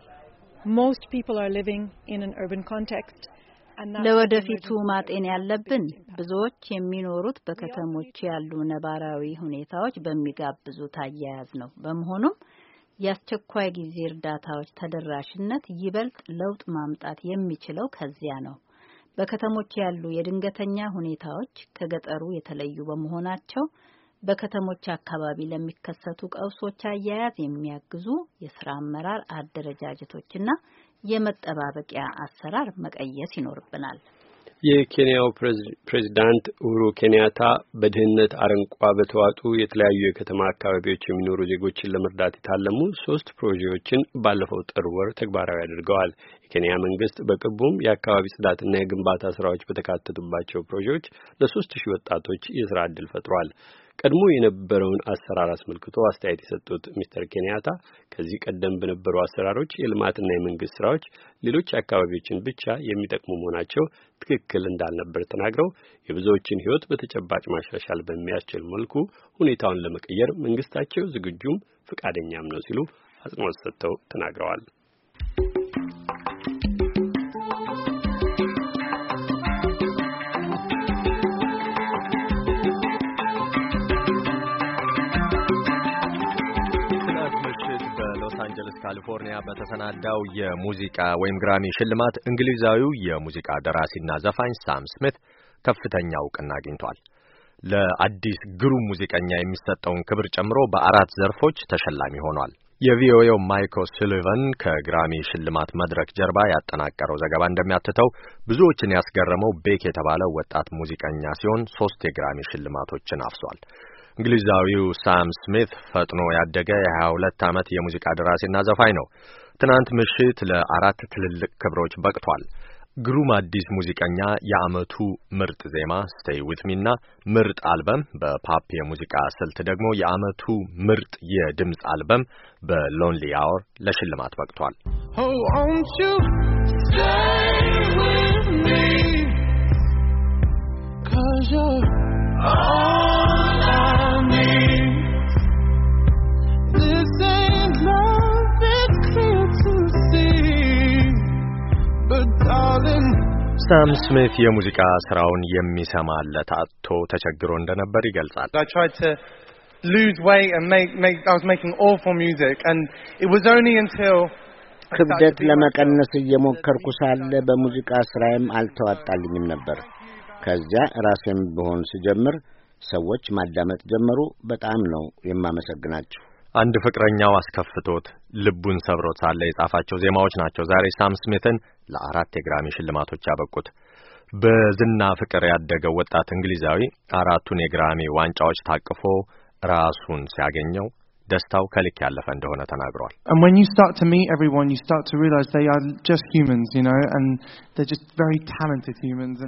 most people are living in an urban context. ለወደፊቱ ማጤን ያለብን ብዙዎች የሚኖሩት በከተሞች ያሉ ነባራዊ ሁኔታዎች በሚጋብዙት አያያዝ ነው። በመሆኑም የአስቸኳይ ጊዜ እርዳታዎች ተደራሽነት ይበልጥ ለውጥ ማምጣት የሚችለው ከዚያ ነው። በከተሞች ያሉ የድንገተኛ ሁኔታዎች ከገጠሩ የተለዩ በመሆናቸው በከተሞች አካባቢ ለሚከሰቱ ቀውሶች አያያዝ የሚያግዙ የስራ አመራር አደረጃጀቶችና የመጠባበቂያ አሰራር መቀየስ ይኖርብናል። የኬንያው ፕሬዚዳንት ኡሁሩ ኬንያታ በድህነት አረንቋ በተዋጡ የተለያዩ የከተማ አካባቢዎች የሚኖሩ ዜጎችን ለመርዳት የታለሙ ሶስት ፕሮጀክቶችን ባለፈው ጥር ወር ተግባራዊ አድርገዋል። የኬንያ መንግስት በቅርቡም የአካባቢ ጽዳትና የግንባታ ስራዎች በተካተቱባቸው ፕሮጀክቶች ለሶስት ሺህ ወጣቶች የስራ ዕድል ፈጥሯል። ቀድሞ የነበረውን አሰራር አስመልክቶ አስተያየት የሰጡት ሚስተር ኬንያታ ከዚህ ቀደም በነበሩ አሰራሮች የልማትና የመንግስት ስራዎች ሌሎች አካባቢዎችን ብቻ የሚጠቅሙ መሆናቸው ትክክል እንዳልነበር ተናግረው የብዙዎችን ሕይወት በተጨባጭ ማሻሻል በሚያስችል መልኩ ሁኔታውን ለመቀየር መንግስታቸው ዝግጁም ፈቃደኛም ነው ሲሉ አጽንኦት ሰጥተው ተናግረዋል። ካሊፎርኒያ በተሰናዳው የሙዚቃ ወይም ግራሚ ሽልማት እንግሊዛዊው የሙዚቃ ደራሲና ዘፋኝ ሳም ስሚት ከፍተኛ እውቅና አግኝቷል። ለአዲስ ግሩም ሙዚቀኛ የሚሰጠውን ክብር ጨምሮ በአራት ዘርፎች ተሸላሚ ሆኗል። የቪኦኤው ማይክ ሱሊቨን ከግራሚ ሽልማት መድረክ ጀርባ ያጠናቀረው ዘገባ እንደሚያትተው ብዙዎችን ያስገረመው ቤክ የተባለ ወጣት ሙዚቀኛ ሲሆን ሶስት የግራሚ ሽልማቶችን አፍሷል። እንግሊዛዊው ሳም ስሚት ፈጥኖ ያደገ የ22 ዓመት የሙዚቃ ደራሲና ዘፋኝ ነው። ትናንት ምሽት ለአራት ትልልቅ ክብሮች በቅቷል። ግሩም አዲስ ሙዚቀኛ፣ የዓመቱ ምርጥ ዜማ ስቴይ ዊት ሚ እና ምርጥ አልበም፣ በፓፕ የሙዚቃ ስልት ደግሞ የዓመቱ ምርጥ የድምፅ አልበም በሎንሊ አወር ለሽልማት በቅቷል። oh, ሳም ስሚት የሙዚቃ ስራውን የሚሰማለት አጥቶ ተቸግሮ እንደነበር ይገልጻል። ክብደት ለመቀነስ እየሞከርኩ ሳለ በሙዚቃ ስራዬም አልተዋጣልኝም ነበር። ከዚያ ራሴም ብሆን ስጀምር ሰዎች ማዳመጥ ጀመሩ። በጣም ነው የማመሰግናችሁ። አንድ ፍቅረኛው አስከፍቶት ልቡን ሰብሮት ሳለ የጻፋቸው ዜማዎች ናቸው ዛሬ ሳም ስሚትን ለአራት የግራሚ ሽልማቶች ያበቁት። በዝና ፍቅር ያደገው ወጣት እንግሊዛዊ አራቱን የግራሚ ዋንጫዎች ታቅፎ ራሱን ሲያገኘው ደስታው ከልክ ያለፈ እንደሆነ ተናግሯል።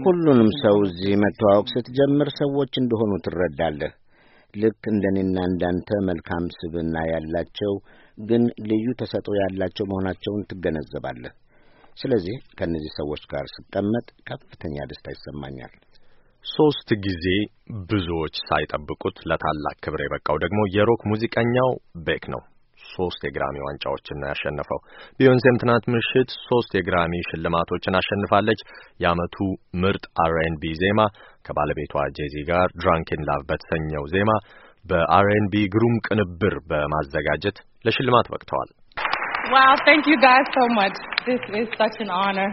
ሁሉንም ሰው እዚህ መተዋወቅ ስትጀምር ሰዎች እንደሆኑ ትረዳለህ። ልክ እንደ እኔና እንዳንተ መልካም ስብዕና ያላቸው ግን ልዩ ተሰጥኦ ያላቸው መሆናቸውን ትገነዘባለህ። ስለዚህ ከእነዚህ ሰዎች ጋር ስቀመጥ ከፍተኛ ደስታ ይሰማኛል። ሶስት ጊዜ ብዙዎች ሳይጠብቁት ለታላቅ ክብር የበቃው ደግሞ የሮክ ሙዚቀኛው ቤክ ነው። ሶስት የግራሚ ዋንጫዎችን ነው ያሸነፈው። ቢዮንሴም ትናንት ምሽት ሶስት የግራሚ ሽልማቶችን አሸንፋለች። የአመቱ ምርጥ አርኤንቢ ዜማ ከባለቤቷ ጄዚ ጋር ድራንኪን ላቭ በተሰኘው ዜማ በአርኤንቢ ግሩም ቅንብር በማዘጋጀት ለሽልማት በቅተዋል። Wow, thank you guys so much. This is such an honor.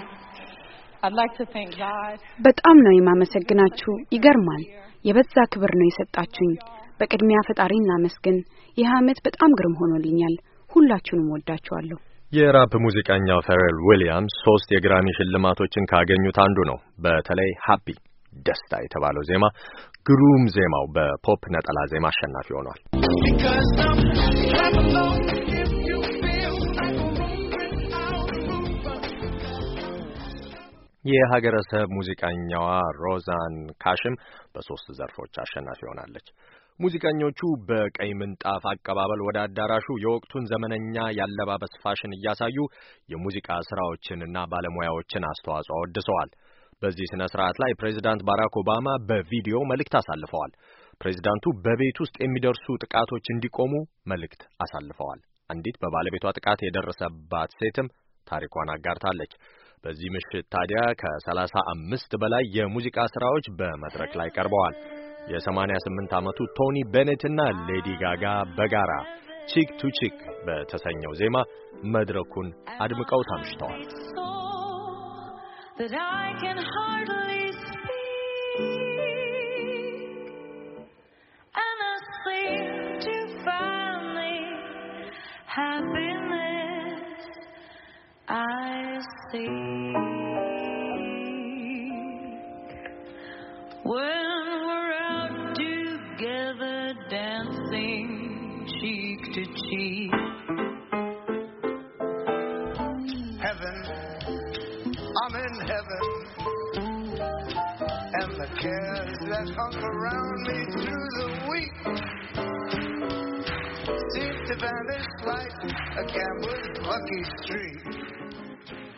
I'd like to thank God. በጣም ነው የማመሰግናችሁ። ይገርማል። የበዛ ክብር ነው የሰጣችሁኝ። በቅድሚያ ፈጣሪ እናመስግን። ይህ ዓመት በጣም ግርም ሆኖልኛል። ሁላችሁንም ወዳችኋለሁ። የራፕ ሙዚቀኛው ፈረል ዊሊያምስ ሶስት የግራሚ ሽልማቶችን ካገኙት አንዱ ነው። በተለይ ሃፒ ደስታ የተባለው ዜማ ግሩም ዜማው በፖፕ ነጠላ ዜማ አሸናፊ ሆኗል። የሀገረሰብ ሙዚቀኛዋ ሮዛን ካሽም በሦስት ዘርፎች አሸናፊ ሆናለች። ሙዚቀኞቹ በቀይ ምንጣፍ አቀባበል ወደ አዳራሹ የወቅቱን ዘመነኛ ያለባበስ ፋሽን እያሳዩ የሙዚቃ ስራዎችንና ባለሙያዎችን አስተዋጽኦ ወድሰዋል። በዚህ ስነ ስርዓት ላይ ፕሬዚዳንት ባራክ ኦባማ በቪዲዮ መልእክት አሳልፈዋል። ፕሬዚዳንቱ በቤት ውስጥ የሚደርሱ ጥቃቶች እንዲቆሙ መልእክት አሳልፈዋል። አንዲት በባለቤቷ ጥቃት የደረሰባት ሴትም ታሪኳን አጋርታለች። በዚህ ምሽት ታዲያ ከ አምስት በላይ የሙዚቃ ስራዎች በመድረክ ላይ ቀርበዋል። የ88 ዓመቱ ቶኒ ቤኔት እና ሌዲ ጋጋ በጋራ ቺክ ቱ ቺክ በተሰኘው ዜማ መድረኩን አድምቀው ታምሽተዋል። I cheek to cheek. Heaven, I'm in heaven. And the cares that hung around me through the week seem to vanish like a gambler's lucky streak.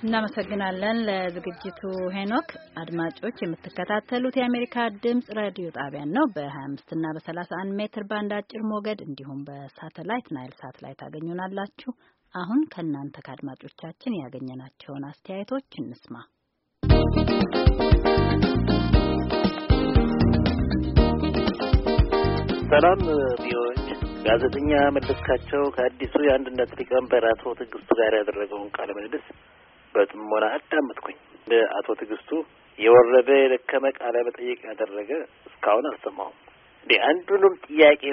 እናመሰግናለን ለዝግጅቱ ሄኖክ። አድማጮች የምትከታተሉት የአሜሪካ ድምጽ ሬዲዮ ጣቢያን ነው። በ25 እና በ31 ሜትር ባንድ አጭር ሞገድ እንዲሁም በሳተላይት ናይል ሳት ላይ ታገኙናላችሁ። አሁን ከእናንተ ከአድማጮቻችን ያገኘናቸውን አስተያየቶች እንስማ። ሰላም ቢዎች ጋዜጠኛ መለስካቸው ከአዲሱ የአንድነት ሊቀመንበር አቶ ትዕግስቱ ጋር ያደረገውን ቃለ ምልልስ በጥሞና አዳመጥኩኝ። በአቶ ትዕግስቱ የወረደ የደከመ ቃለ መጠይቅ ያደረገ እስካሁን አልሰማሁም። እንዴ አንዱንም ጥያቄ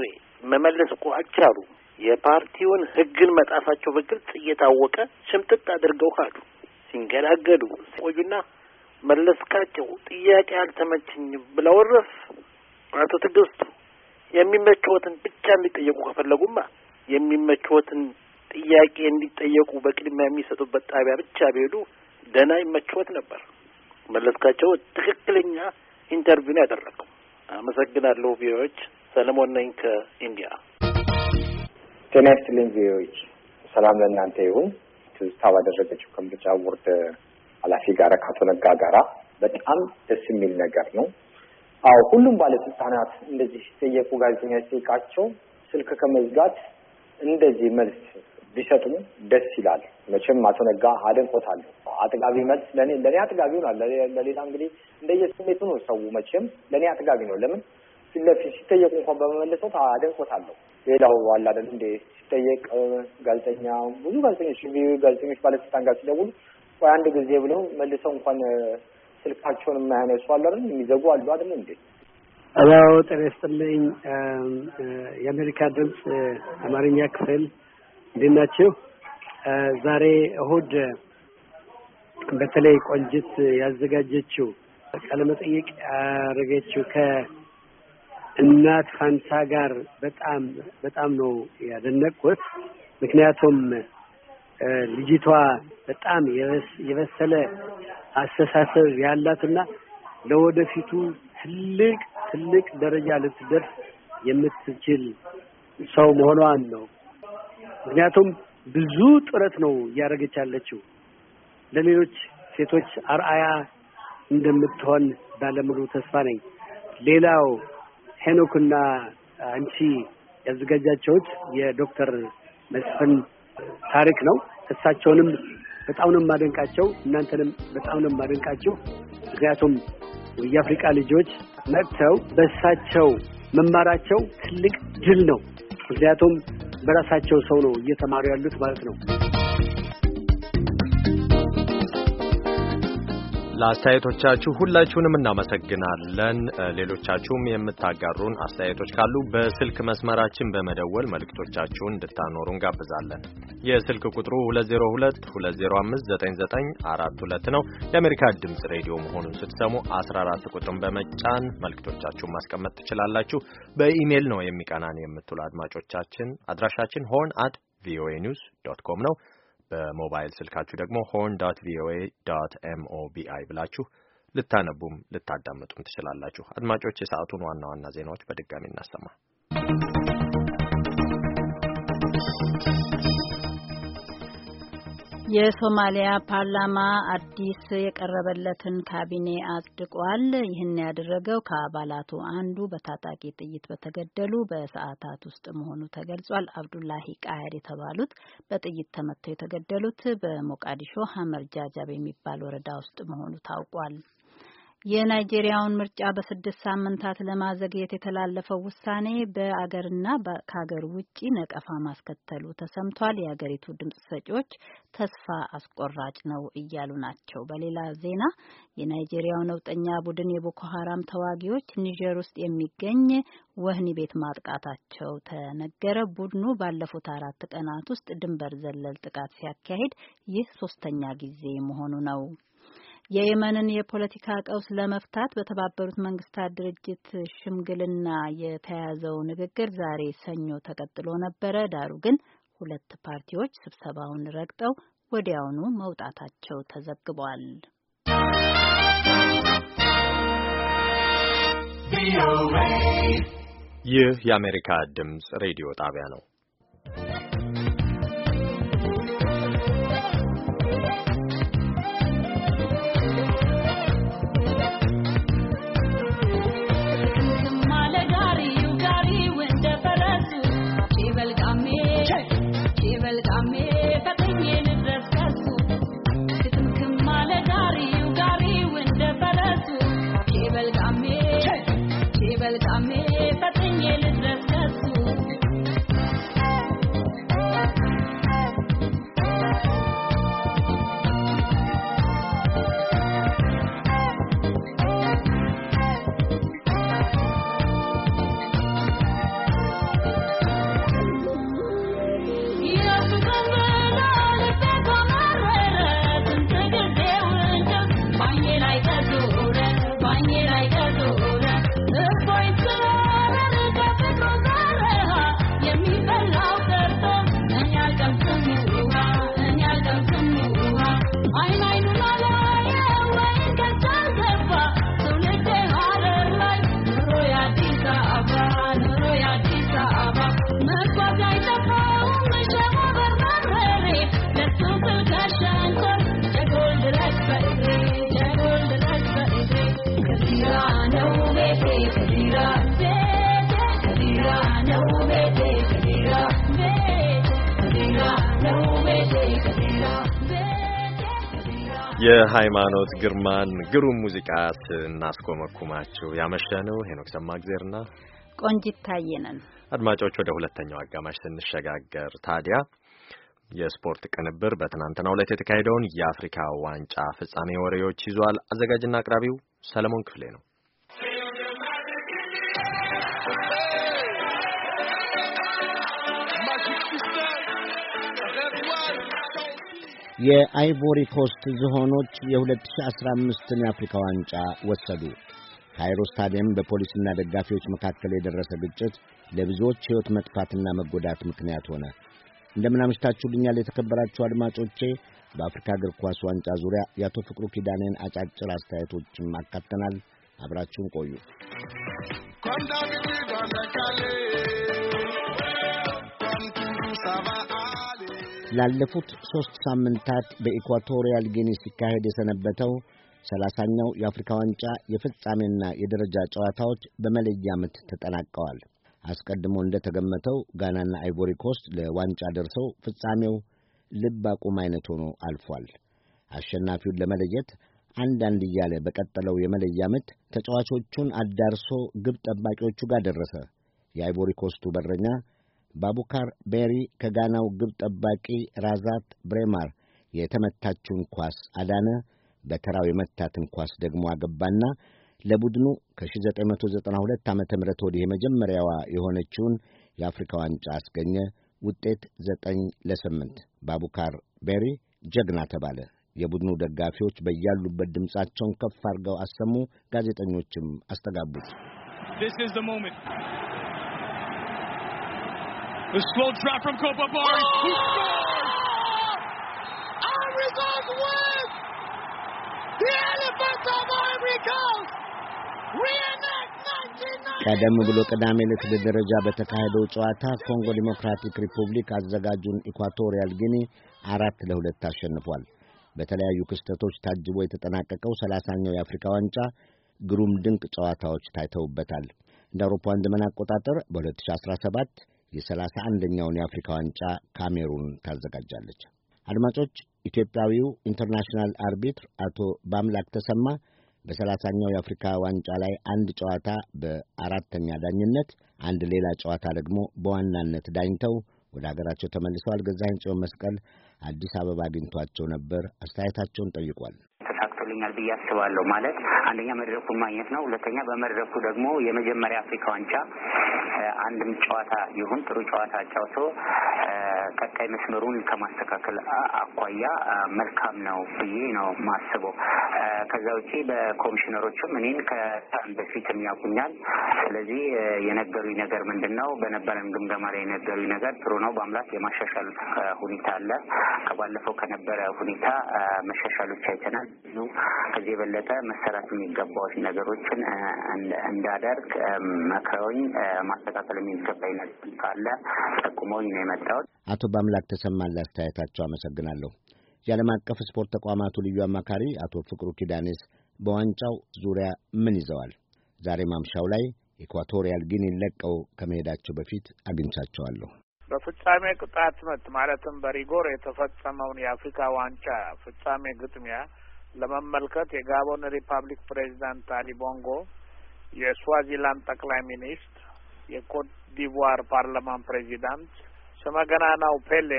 መመለስ እኮ አልቻሉም። የፓርቲውን ህግን መጣሳቸው በግልጽ እየታወቀ ሽምጥጥ አድርገው ካሉ ሲንገዳገዱ ቆዩና መለስካቸው ጥያቄ አልተመችኝም ብለው ረፍ አቶ ትዕግስቱ የሚመችዎትን ብቻ እንዲጠየቁ ከፈለጉማ የሚመችዎትን ጥያቄ እንዲጠየቁ በቅድሚያ የሚሰጡበት ጣቢያ ብቻ ቢሄዱ ደህና ይመችወት ነበር። መለስካቸው ትክክለኛ ኢንተርቪው ነው ያደረገው። አመሰግናለሁ። ቪዮዎች ሰለሞን ነኝ ከኢንዲያ። ጤና ይስጥልኝ ቪዮዎች፣ ሰላም ለእናንተ ይሁን። ትዝታ ባደረገችው ከምርጫ ቦርድ ኃላፊ ጋር ከአቶ ነጋ ጋራ በጣም ደስ የሚል ነገር ነው። አዎ ሁሉም ባለስልጣናት እንደዚህ ሲጠየቁ ጋዜጠኛ ሲጠይቃቸው ስልክ ከመዝጋት እንደዚህ መልስ ቢሰጡ ደስ ይላል። መቼም አቶ ነጋ አደንቆታል። አጥጋቢ መልስ ለእኔ አጥጋቢ ይሆናል ለሌላ እንግዲህ ስሜቱ ነው ሰው መቼም ለእኔ አጥጋቢ ነው። ለምን ፊት ለፊት ሲጠየቁ እንኳን በመመለሰው አደንቆታለሁ። ሌላው አለ አይደል እንዴ ሲጠየቅ ጋዜጠኛ ብዙ ጋዜጠኞች ጋዜጠኞች ባለስልጣን ጋር ሲደውሉ አንድ ጊዜ ብለው መልሰው እንኳን ስልካቸውን የማያነሱ አሉ አይደል የሚዘጉ አሉ አይደል እንዴ አዎ ጤና ይስጥልኝ የአሜሪካ ድምፅ አማርኛ ክፍል እንዴት ናችሁ? ዛሬ እሁድ በተለይ ቆንጅት ያዘጋጀችው ቃለመጠይቅ ያደረገችው ከእናት ፋንታ ጋር በጣም በጣም ነው ያደነቅኩት። ምክንያቱም ልጅቷ በጣም የበሰለ አስተሳሰብ ያላትና ለወደፊቱ ትልቅ ትልቅ ደረጃ ልትደርስ የምትችል ሰው መሆኗን ነው ምክንያቱም ብዙ ጥረት ነው እያደረገች ያለችው ለሌሎች ሴቶች አርአያ እንደምትሆን ባለሙሉ ተስፋ ነኝ። ሌላው ሄኖክና አንቺ ያዘጋጃቸውት የዶክተር መስፍን ታሪክ ነው። እሳቸውንም በጣም ነው የማደንቃቸው፣ እናንተንም በጣም ነው የማደንቃችሁ። ምክንያቱም የአፍሪቃ ልጆች መጥተው በእሳቸው መማራቸው ትልቅ ድል ነው። ምክንያቱም በራሳቸው ሰው ነው እየተማሩ ያሉት ማለት ነው። ለአስተያየቶቻችሁ ሁላችሁንም እናመሰግናለን። ሌሎቻችሁም የምታጋሩን አስተያየቶች ካሉ በስልክ መስመራችን በመደወል መልእክቶቻችሁን እንድታኖሩ እንጋብዛለን። የስልክ ቁጥሩ 2022059942 ነው። የአሜሪካ ድምፅ ሬዲዮ መሆኑን ስትሰሙ 14 ቁጥርን በመጫን መልእክቶቻችሁን ማስቀመጥ ትችላላችሁ። በኢሜይል ነው የሚቀናን የምትሉ አድማጮቻችን አድራሻችን ሆን አት ቪኦኤ ኒውስ ዶት ኮም ነው። በሞባይል ስልካችሁ ደግሞ ሆርን ዶት ቪኦኤ ዶት ኤምኦቢአይ ብላችሁ ልታነቡም ልታዳምጡም ትችላላችሁ። አድማጮች፣ የሰዓቱን ዋና ዋና ዜናዎች በድጋሚ እናሰማ። የሶማሊያ ፓርላማ አዲስ የቀረበለትን ካቢኔ አጽድቋል። ይህን ያደረገው ከአባላቱ አንዱ በታጣቂ ጥይት በተገደሉ በሰዓታት ውስጥ መሆኑ ተገልጿል። አብዱላሂ ቃየር የተባሉት በጥይት ተመተው የተገደሉት በሞቃዲሾ ሀመር ጃጃብ የሚባል ወረዳ ውስጥ መሆኑ ታውቋል። የናይጄሪያውን ምርጫ በስድስት ሳምንታት ለማዘግየት የተላለፈው ውሳኔ በአገርና ከሀገር ውጭ ነቀፋ ማስከተሉ ተሰምቷል። የአገሪቱ ድምጽ ሰጪዎች ተስፋ አስቆራጭ ነው እያሉ ናቸው። በሌላ ዜና የናይጄሪያው ነውጠኛ ቡድን የቦኮ ሀራም ተዋጊዎች ኒጀር ውስጥ የሚገኝ ወህኒ ቤት ማጥቃታቸው ተነገረ። ቡድኑ ባለፉት አራት ቀናት ውስጥ ድንበር ዘለል ጥቃት ሲያካሂድ ይህ ሶስተኛ ጊዜ መሆኑ ነው። የየመንን የፖለቲካ ቀውስ ለመፍታት በተባበሩት መንግስታት ድርጅት ሽምግልና የተያዘው ንግግር ዛሬ ሰኞ ተቀጥሎ ነበረ። ዳሩ ግን ሁለት ፓርቲዎች ስብሰባውን ረግጠው ወዲያውኑ መውጣታቸው ተዘግቧል። ይህ የአሜሪካ ድምፅ ሬዲዮ ጣቢያ ነው። የሃይማኖት ግርማን ግሩም ሙዚቃ ስናስኮመኩማችሁ ያመሸነው ሄኖክ ሰማግዜርና ቆንጂት ታየነን። አድማጮች ወደ ሁለተኛው አጋማሽ ስንሸጋገር ታዲያ የስፖርት ቅንብር በትናንትናው ዕለት የተካሄደውን የአፍሪካ ዋንጫ ፍጻሜ ወሬዎች ይዟል። አዘጋጅና አቅራቢው ሰለሞን ክፍሌ ነው። የአይቮሪ ኮስት ዝሆኖች የ2015ን የአፍሪካ ዋንጫ ወሰዱ። ካይሮ ስታዲየም በፖሊስና ደጋፊዎች መካከል የደረሰ ግጭት ለብዙዎች ሕይወት መጥፋትና መጎዳት ምክንያት ሆነ። እንደምናመሽታችሁልኛል የተከበራችሁ አድማጮቼ። በአፍሪካ እግር ኳስ ዋንጫ ዙሪያ የአቶ ፍቅሩ ኪዳኔን አጫጭር አስተያየቶችም አካተናል። አብራችሁን ቆዩ። Come ላለፉት ሦስት ሳምንታት በኢኳቶሪያል ጊኒ ሲካሄድ የሰነበተው ሰላሳኛው የአፍሪካ ዋንጫ የፍጻሜና የደረጃ ጨዋታዎች በመለያ ምት ተጠናቀዋል። አስቀድሞ እንደተገመተው ጋናና አይቮሪ ኮስት ለዋንጫ ደርሰው ፍጻሜው ልብ አቁም አይነት ሆኖ አልፏል። አሸናፊውን ለመለየት አንዳንድ እያለ በቀጠለው የመለያ ምት ተጫዋቾቹን አዳርሶ ግብ ጠባቂዎቹ ጋር ደረሰ። የአይቮሪ ኮስቱ በረኛ ባቡካር ቤሪ ከጋናው ግብ ጠባቂ ራዛት ብሬማር የተመታችውን ኳስ አዳነ። በተራው የመታትን ኳስ ደግሞ አገባና ለቡድኑ ከ1992 ዓ ም ወዲህ የመጀመሪያዋ የሆነችውን የአፍሪካ ዋንጫ አስገኘ። ውጤት 9 ለ8። ባቡካር ቤሪ ጀግና ተባለ። የቡድኑ ደጋፊዎች በያሉበት ድምፃቸውን ከፍ አድርገው አሰሙ። ጋዜጠኞችም አስተጋቡት። The slow drop from Copa Bari. Oh! Who scores? Ivory Coast wins! The elephants of Ivory Coast! ቀደም ብሎ ቅዳሜ ዕለት በደረጃ በተካሄደው ጨዋታ ኮንጎ ዲሞክራቲክ ሪፑብሊክ አዘጋጁን ኢኳቶሪያል ጊኒ አራት ለሁለት አሸንፏል። በተለያዩ ክስተቶች ታጅቦ የተጠናቀቀው ሰላሳኛው የአፍሪካ ዋንጫ ግሩም ድንቅ ጨዋታዎች ታይተውበታል። እንደ አውሮፓውያን ዘመን አቆጣጠር በ2017 የሰላሳ አንደኛውን የአፍሪካ ዋንጫ ካሜሩን ታዘጋጃለች። አድማጮች፣ ኢትዮጵያዊው ኢንተርናሽናል አርቢትር አቶ ባምላክ ተሰማ በሰላሳኛው የአፍሪካ ዋንጫ ላይ አንድ ጨዋታ በአራተኛ ዳኝነት፣ አንድ ሌላ ጨዋታ ደግሞ በዋናነት ዳኝተው ወደ ሀገራቸው ተመልሰዋል። ገዛኸኝ ጽዮን መስቀል አዲስ አበባ አግኝቷቸው ነበር። አስተያየታቸውን ጠይቋል። ያደርሱልኛል ብዬ አስባለሁ። ማለት አንደኛ መድረኩን ማግኘት ነው። ሁለተኛ በመድረኩ ደግሞ የመጀመሪያ አፍሪካ ዋንጫ አንድም ጨዋታ ይሁን ጥሩ ጨዋታ አጫውቶ ቀጣይ መስመሩን ከማስተካከል አኳያ መልካም ነው ብዬ ነው ማስበው። ከዛ ውጪ በኮሚሽነሮችም እኔን ከታን በፊት የሚያውቁኛል። ስለዚህ የነገሩኝ ነገር ምንድን ነው? በነበረን ግምገማ ላይ የነገሩኝ ነገር ጥሩ ነው፣ በአምላክ የማሻሻል ሁኔታ አለ። ከባለፈው ከነበረ ሁኔታ መሻሻሎች አይተናል። ብዙ ከዚህ የበለጠ መሰራት የሚገባዎች ነገሮችን እንዳደርግ መክረውኝ ማስተካከል የሚገባኝ ነገር ካለ ጠቁመውኝ ነው የመጣሁት። አቶ በአምላክ ተሰማን ለአስተያየታቸው አመሰግናለሁ። የዓለም አቀፍ ስፖርት ተቋማቱ ልዩ አማካሪ አቶ ፍቅሩ ኪዳኔስ በዋንጫው ዙሪያ ምን ይዘዋል? ዛሬ ማምሻው ላይ ኢኳቶሪያል ጊኒን ለቀው ከመሄዳቸው በፊት አግኝቻቸዋለሁ። በፍጻሜ ቅጣት ምት ማለትም በሪጎር የተፈጸመውን የአፍሪካ ዋንጫ ፍጻሜ ግጥሚያ ለመመልከት የጋቦን ሪፐብሊክ ፕሬዚዳንት አሊ ቦንጎ፣ የስዋዚላንድ ጠቅላይ ሚኒስትር፣ የኮት ዲቯር ፓርላማን ፕሬዚዳንት፣ ስመገናናው ፔሌ፣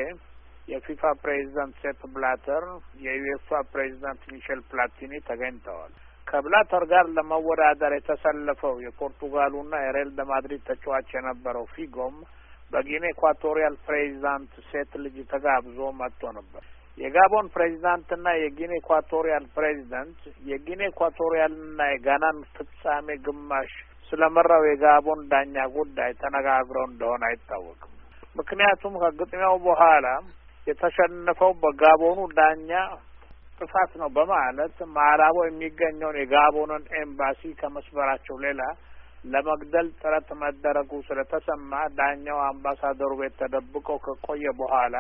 የፊፋ ፕሬዚዳንት ሴፕ ብላተር፣ የዩኤፋ ፕሬዚዳንት ሚሼል ፕላቲኒ ተገኝተዋል። ከብላተር ጋር ለመወዳደር የተሰለፈው የፖርቱጋሉና የሬል ማድሪድ ተጫዋች የነበረው ፊጎም በጊኔ ኢኳቶሪያል ፕሬዚዳንት ሴት ልጅ ተጋብዞ መጥቶ ነበር። የጋቦን ፕሬዚዳንትና የጊኒ ኢኳቶሪያል ፕሬዚዳንት የጊኒ ኢኳቶሪያልና የጋናን ፍጻሜ ግማሽ ስለመራው የጋቦን ዳኛ ጉዳይ ተነጋግረው እንደሆነ አይታወቅም። ምክንያቱም ከግጥሚያው በኋላ የተሸነፈው በጋቦኑ ዳኛ ጥፋት ነው በማለት ማላቦ የሚገኘውን የጋቦንን ኤምባሲ ከመስበራቸው ሌላ ለመግደል ጥረት መደረጉ ስለተሰማ ዳኛው አምባሳደሩ ቤት ተደብቆ ከቆየ በኋላ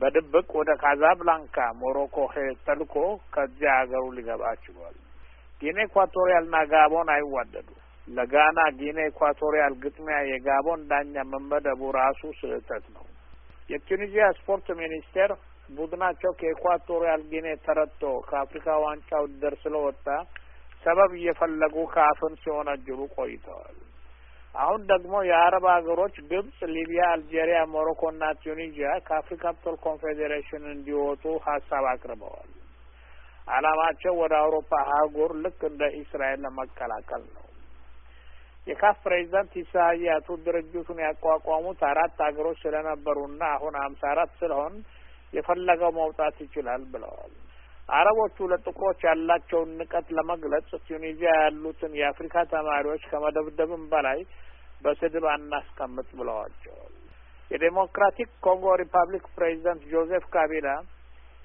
በድብቅ ወደ ካዛብላንካ ሞሮኮ ተልኮ ከዚያ ሀገሩ ሊገባ ችሏል። ጊኔ ኢኳቶሪያል እና ጋቦን አይዋደዱ። ለጋና ጊኔ ኢኳቶሪያል ግጥሚያ የጋቦን ዳኛ መመደቡ ራሱ ስህተት ነው። የቱኒዚያ ስፖርት ሚኒስቴር ቡድናቸው ከኢኳቶሪያል ጊኔ ተረቶ ከአፍሪካ ዋንጫ ውድድር ስለወጣ ሰበብ እየፈለጉ ሲሆነ ጅሩ ቆይተዋል። አሁን ደግሞ የአረብ ሀገሮች ግብጽ፣ ሊቢያ፣ አልጄሪያ፣ ሞሮኮ እና ቱኒዚያ ከአፍሪካ ካፒታል ኮንፌዴሬሽን እንዲወጡ ሀሳብ አቅርበዋል። አላማቸው ወደ አውሮፓ አህጉር ልክ እንደ እስራኤል ለመቀላቀል ነው። የካፍ ፕሬዚዳንት ኢሳያቱ ድርጅቱን ያቋቋሙት አራት ሀገሮች ስለነበሩና አሁን ሀምሳ አራት ስለሆን የፈለገው መውጣት ይችላል ብለዋል። አረቦቹ ለጥቁሮች ያላቸውን ንቀት ለመግለጽ ቱኒዚያ ያሉትን የአፍሪካ ተማሪዎች ከመደብደብም በላይ በስድብ አናስቀምጥ ብለዋቸዋል። የዴሞክራቲክ ኮንጎ ሪፐብሊክ ፕሬዚደንት ጆዜፍ ካቢላ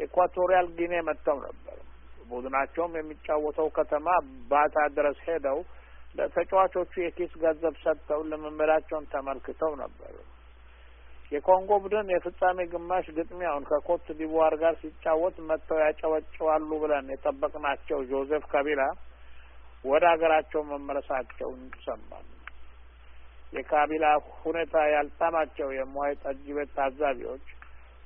ኢኳቶሪያል ጊኔ መጥተው ነበር። ቡድናቸውም የሚጫወተው ከተማ ባታ ድረስ ሄደው ለተጫዋቾቹ የኪስ ገንዘብ ሰጥተው ልምምዳቸውን ተመልክተው ነበር። የኮንጎ ቡድን የፍጻሜ ግማሽ ግጥሚያውን ከኮት ዲቯር ጋር ሲጫወት መጥተው ያጨበጭባሉ ብለን የጠበቅናቸው ጆዜፍ ካቢላ ወደ አገራቸው መመለሳቸውን ይሰማል። የካቢላ ሁኔታ ያልጣማቸው የሙዋይ ጠጅ ቤት ታዛቢዎች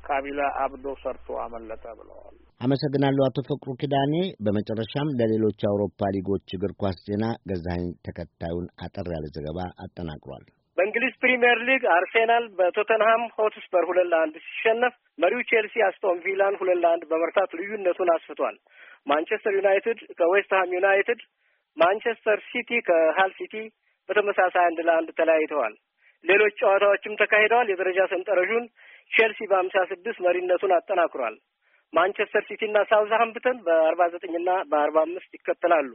ካቢላ አብዶ ሰርቶ አመለጠ ብለዋል። አመሰግናለሁ አቶ ፍቅሩ ኪዳኔ። በመጨረሻም ለሌሎች የአውሮፓ ሊጎች እግር ኳስ ዜና ገዛኸኝ ተከታዩን አጠር ያለ ዘገባ አጠናቅሯል። በእንግሊዝ ፕሪምየር ሊግ አርሴናል በቶተንሃም ሆትስፐር ሁለት ለአንድ ሲሸነፍ መሪው ቼልሲ አስቶን ቪላን ሁለት ለአንድ በመርታት ልዩነቱን አስፍቷል። ማንቸስተር ዩናይትድ ከዌስትሃም ዩናይትድ፣ ማንቸስተር ሲቲ ከሃል ሲቲ በተመሳሳይ አንድ ለአንድ ተለያይተዋል። ሌሎች ጨዋታዎችም ተካሂደዋል። የደረጃ ሰንጠረዡን ቼልሲ በአምሳ ስድስት መሪነቱን አጠናክሯል። ማንቸስተር ሲቲ እና ሳውዝሃምፕተን በአርባ ዘጠኝና በአርባ አምስት ይከተላሉ።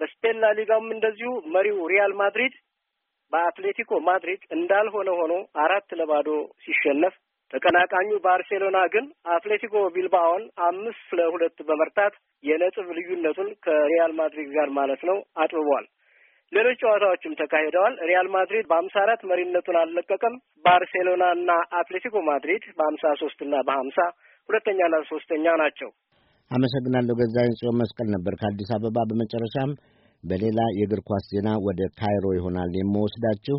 በስፔን ላሊጋውም እንደዚሁ መሪው ሪያል ማድሪድ በአትሌቲኮ ማድሪድ እንዳልሆነ ሆኖ አራት ለባዶ ሲሸነፍ ተቀናቃኙ ባርሴሎና ግን አትሌቲኮ ቢልባኦን አምስት ለሁለት በመርታት የነጥብ ልዩነቱን ከሪያል ማድሪድ ጋር ማለት ነው አጥብቧል። ሌሎች ጨዋታዎችም ተካሂደዋል። ሪያል ማድሪድ በሀምሳ አራት መሪነቱን አልለቀቀም። ባርሴሎና እና አትሌቲኮ ማድሪድ በሀምሳ ሶስት እና በሀምሳ ሁለተኛና ሶስተኛ ናቸው። አመሰግናለሁ። ገዛኸኝ ጽዮን መስቀል ነበር ከአዲስ አበባ። በመጨረሻም በሌላ የእግር ኳስ ዜና ወደ ካይሮ ይሆናል የምወስዳችሁ።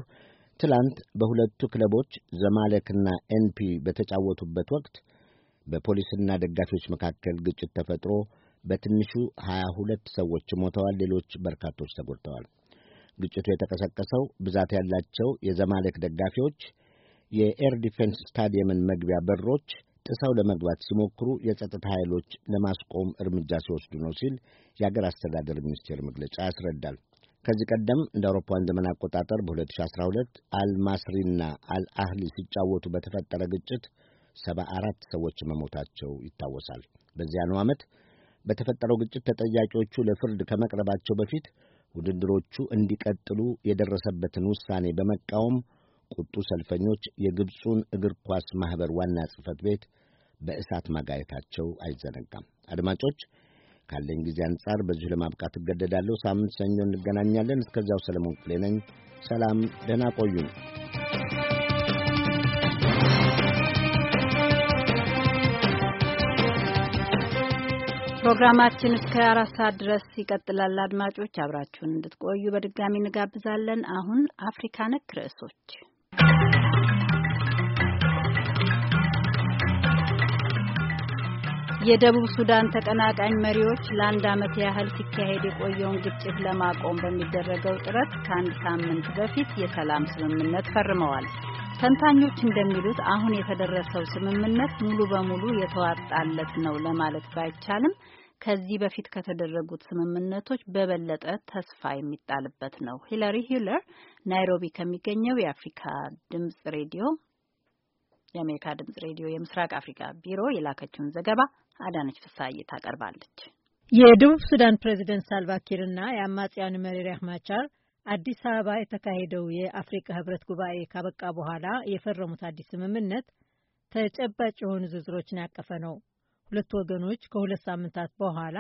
ትላንት በሁለቱ ክለቦች ዘማለክና ኤንፒ በተጫወቱበት ወቅት በፖሊስና ደጋፊዎች መካከል ግጭት ተፈጥሮ በትንሹ ሀያ ሁለት ሰዎች ሞተዋል፣ ሌሎች በርካቶች ተጎድተዋል። ግጭቱ የተቀሰቀሰው ብዛት ያላቸው የዘማለክ ደጋፊዎች የኤር ዲፌንስ ስታዲየምን መግቢያ በሮች ጥሰው ለመግባት ሲሞክሩ የጸጥታ ኃይሎች ለማስቆም እርምጃ ሲወስዱ ነው ሲል የአገር አስተዳደር ሚኒስቴር መግለጫ ያስረዳል። ከዚህ ቀደም እንደ አውሮፓውያን ዘመን አቆጣጠር በ2012 አልማስሪና አልአህሊ ሲጫወቱ በተፈጠረ ግጭት ሰባ አራት ሰዎች መሞታቸው ይታወሳል። በዚያኑ ዓመት በተፈጠረው ግጭት ተጠያቂዎቹ ለፍርድ ከመቅረባቸው በፊት ውድድሮቹ እንዲቀጥሉ የደረሰበትን ውሳኔ በመቃወም ቁጡ ሰልፈኞች የግብፁን እግር ኳስ ማኅበር ዋና ጽሕፈት ቤት በእሳት ማጋየታቸው አይዘነጋም። አድማጮች፣ ካለኝ ጊዜ አንጻር በዚሁ ለማብቃት እገደዳለሁ። ሳምንት ሰኞ እንገናኛለን። እስከዚያው ሰለሞን ክፍሌ ነኝ። ሰላም፣ ደህና ቆዩ ነው። ፕሮግራማችን እስከ አራት ሰዓት ድረስ ይቀጥላል። አድማጮች አብራችሁን እንድትቆዩ በድጋሚ እንጋብዛለን። አሁን አፍሪካ ነክ ርዕሶች የደቡብ ሱዳን ተቀናቃኝ መሪዎች ለአንድ ዓመት ያህል ሲካሄድ የቆየውን ግጭት ለማቆም በሚደረገው ጥረት ከአንድ ሳምንት በፊት የሰላም ስምምነት ፈርመዋል። ተንታኞች እንደሚሉት አሁን የተደረሰው ስምምነት ሙሉ በሙሉ የተዋጣለት ነው ለማለት ባይቻልም ከዚህ በፊት ከተደረጉት ስምምነቶች በበለጠ ተስፋ የሚጣልበት ነው። ሂለሪ ሂለር ናይሮቢ ከሚገኘው የአፍሪካ ድምጽ ሬዲዮ የአሜሪካ ድምጽ ሬዲዮ የምስራቅ አፍሪካ ቢሮ የላከችውን ዘገባ አዳነች ፍሳይ ታቀርባለች። የደቡብ ሱዳን ፕሬዚደንት ሳልቫኪርና የአማጽያኑ መሪ ሪያክ ማቻር አዲስ አበባ የተካሄደው የአፍሪካ ህብረት ጉባኤ ካበቃ በኋላ የፈረሙት አዲስ ስምምነት ተጨባጭ የሆኑ ዝርዝሮችን ያቀፈ ነው። ሁለቱ ወገኖች ከሁለት ሳምንታት በኋላ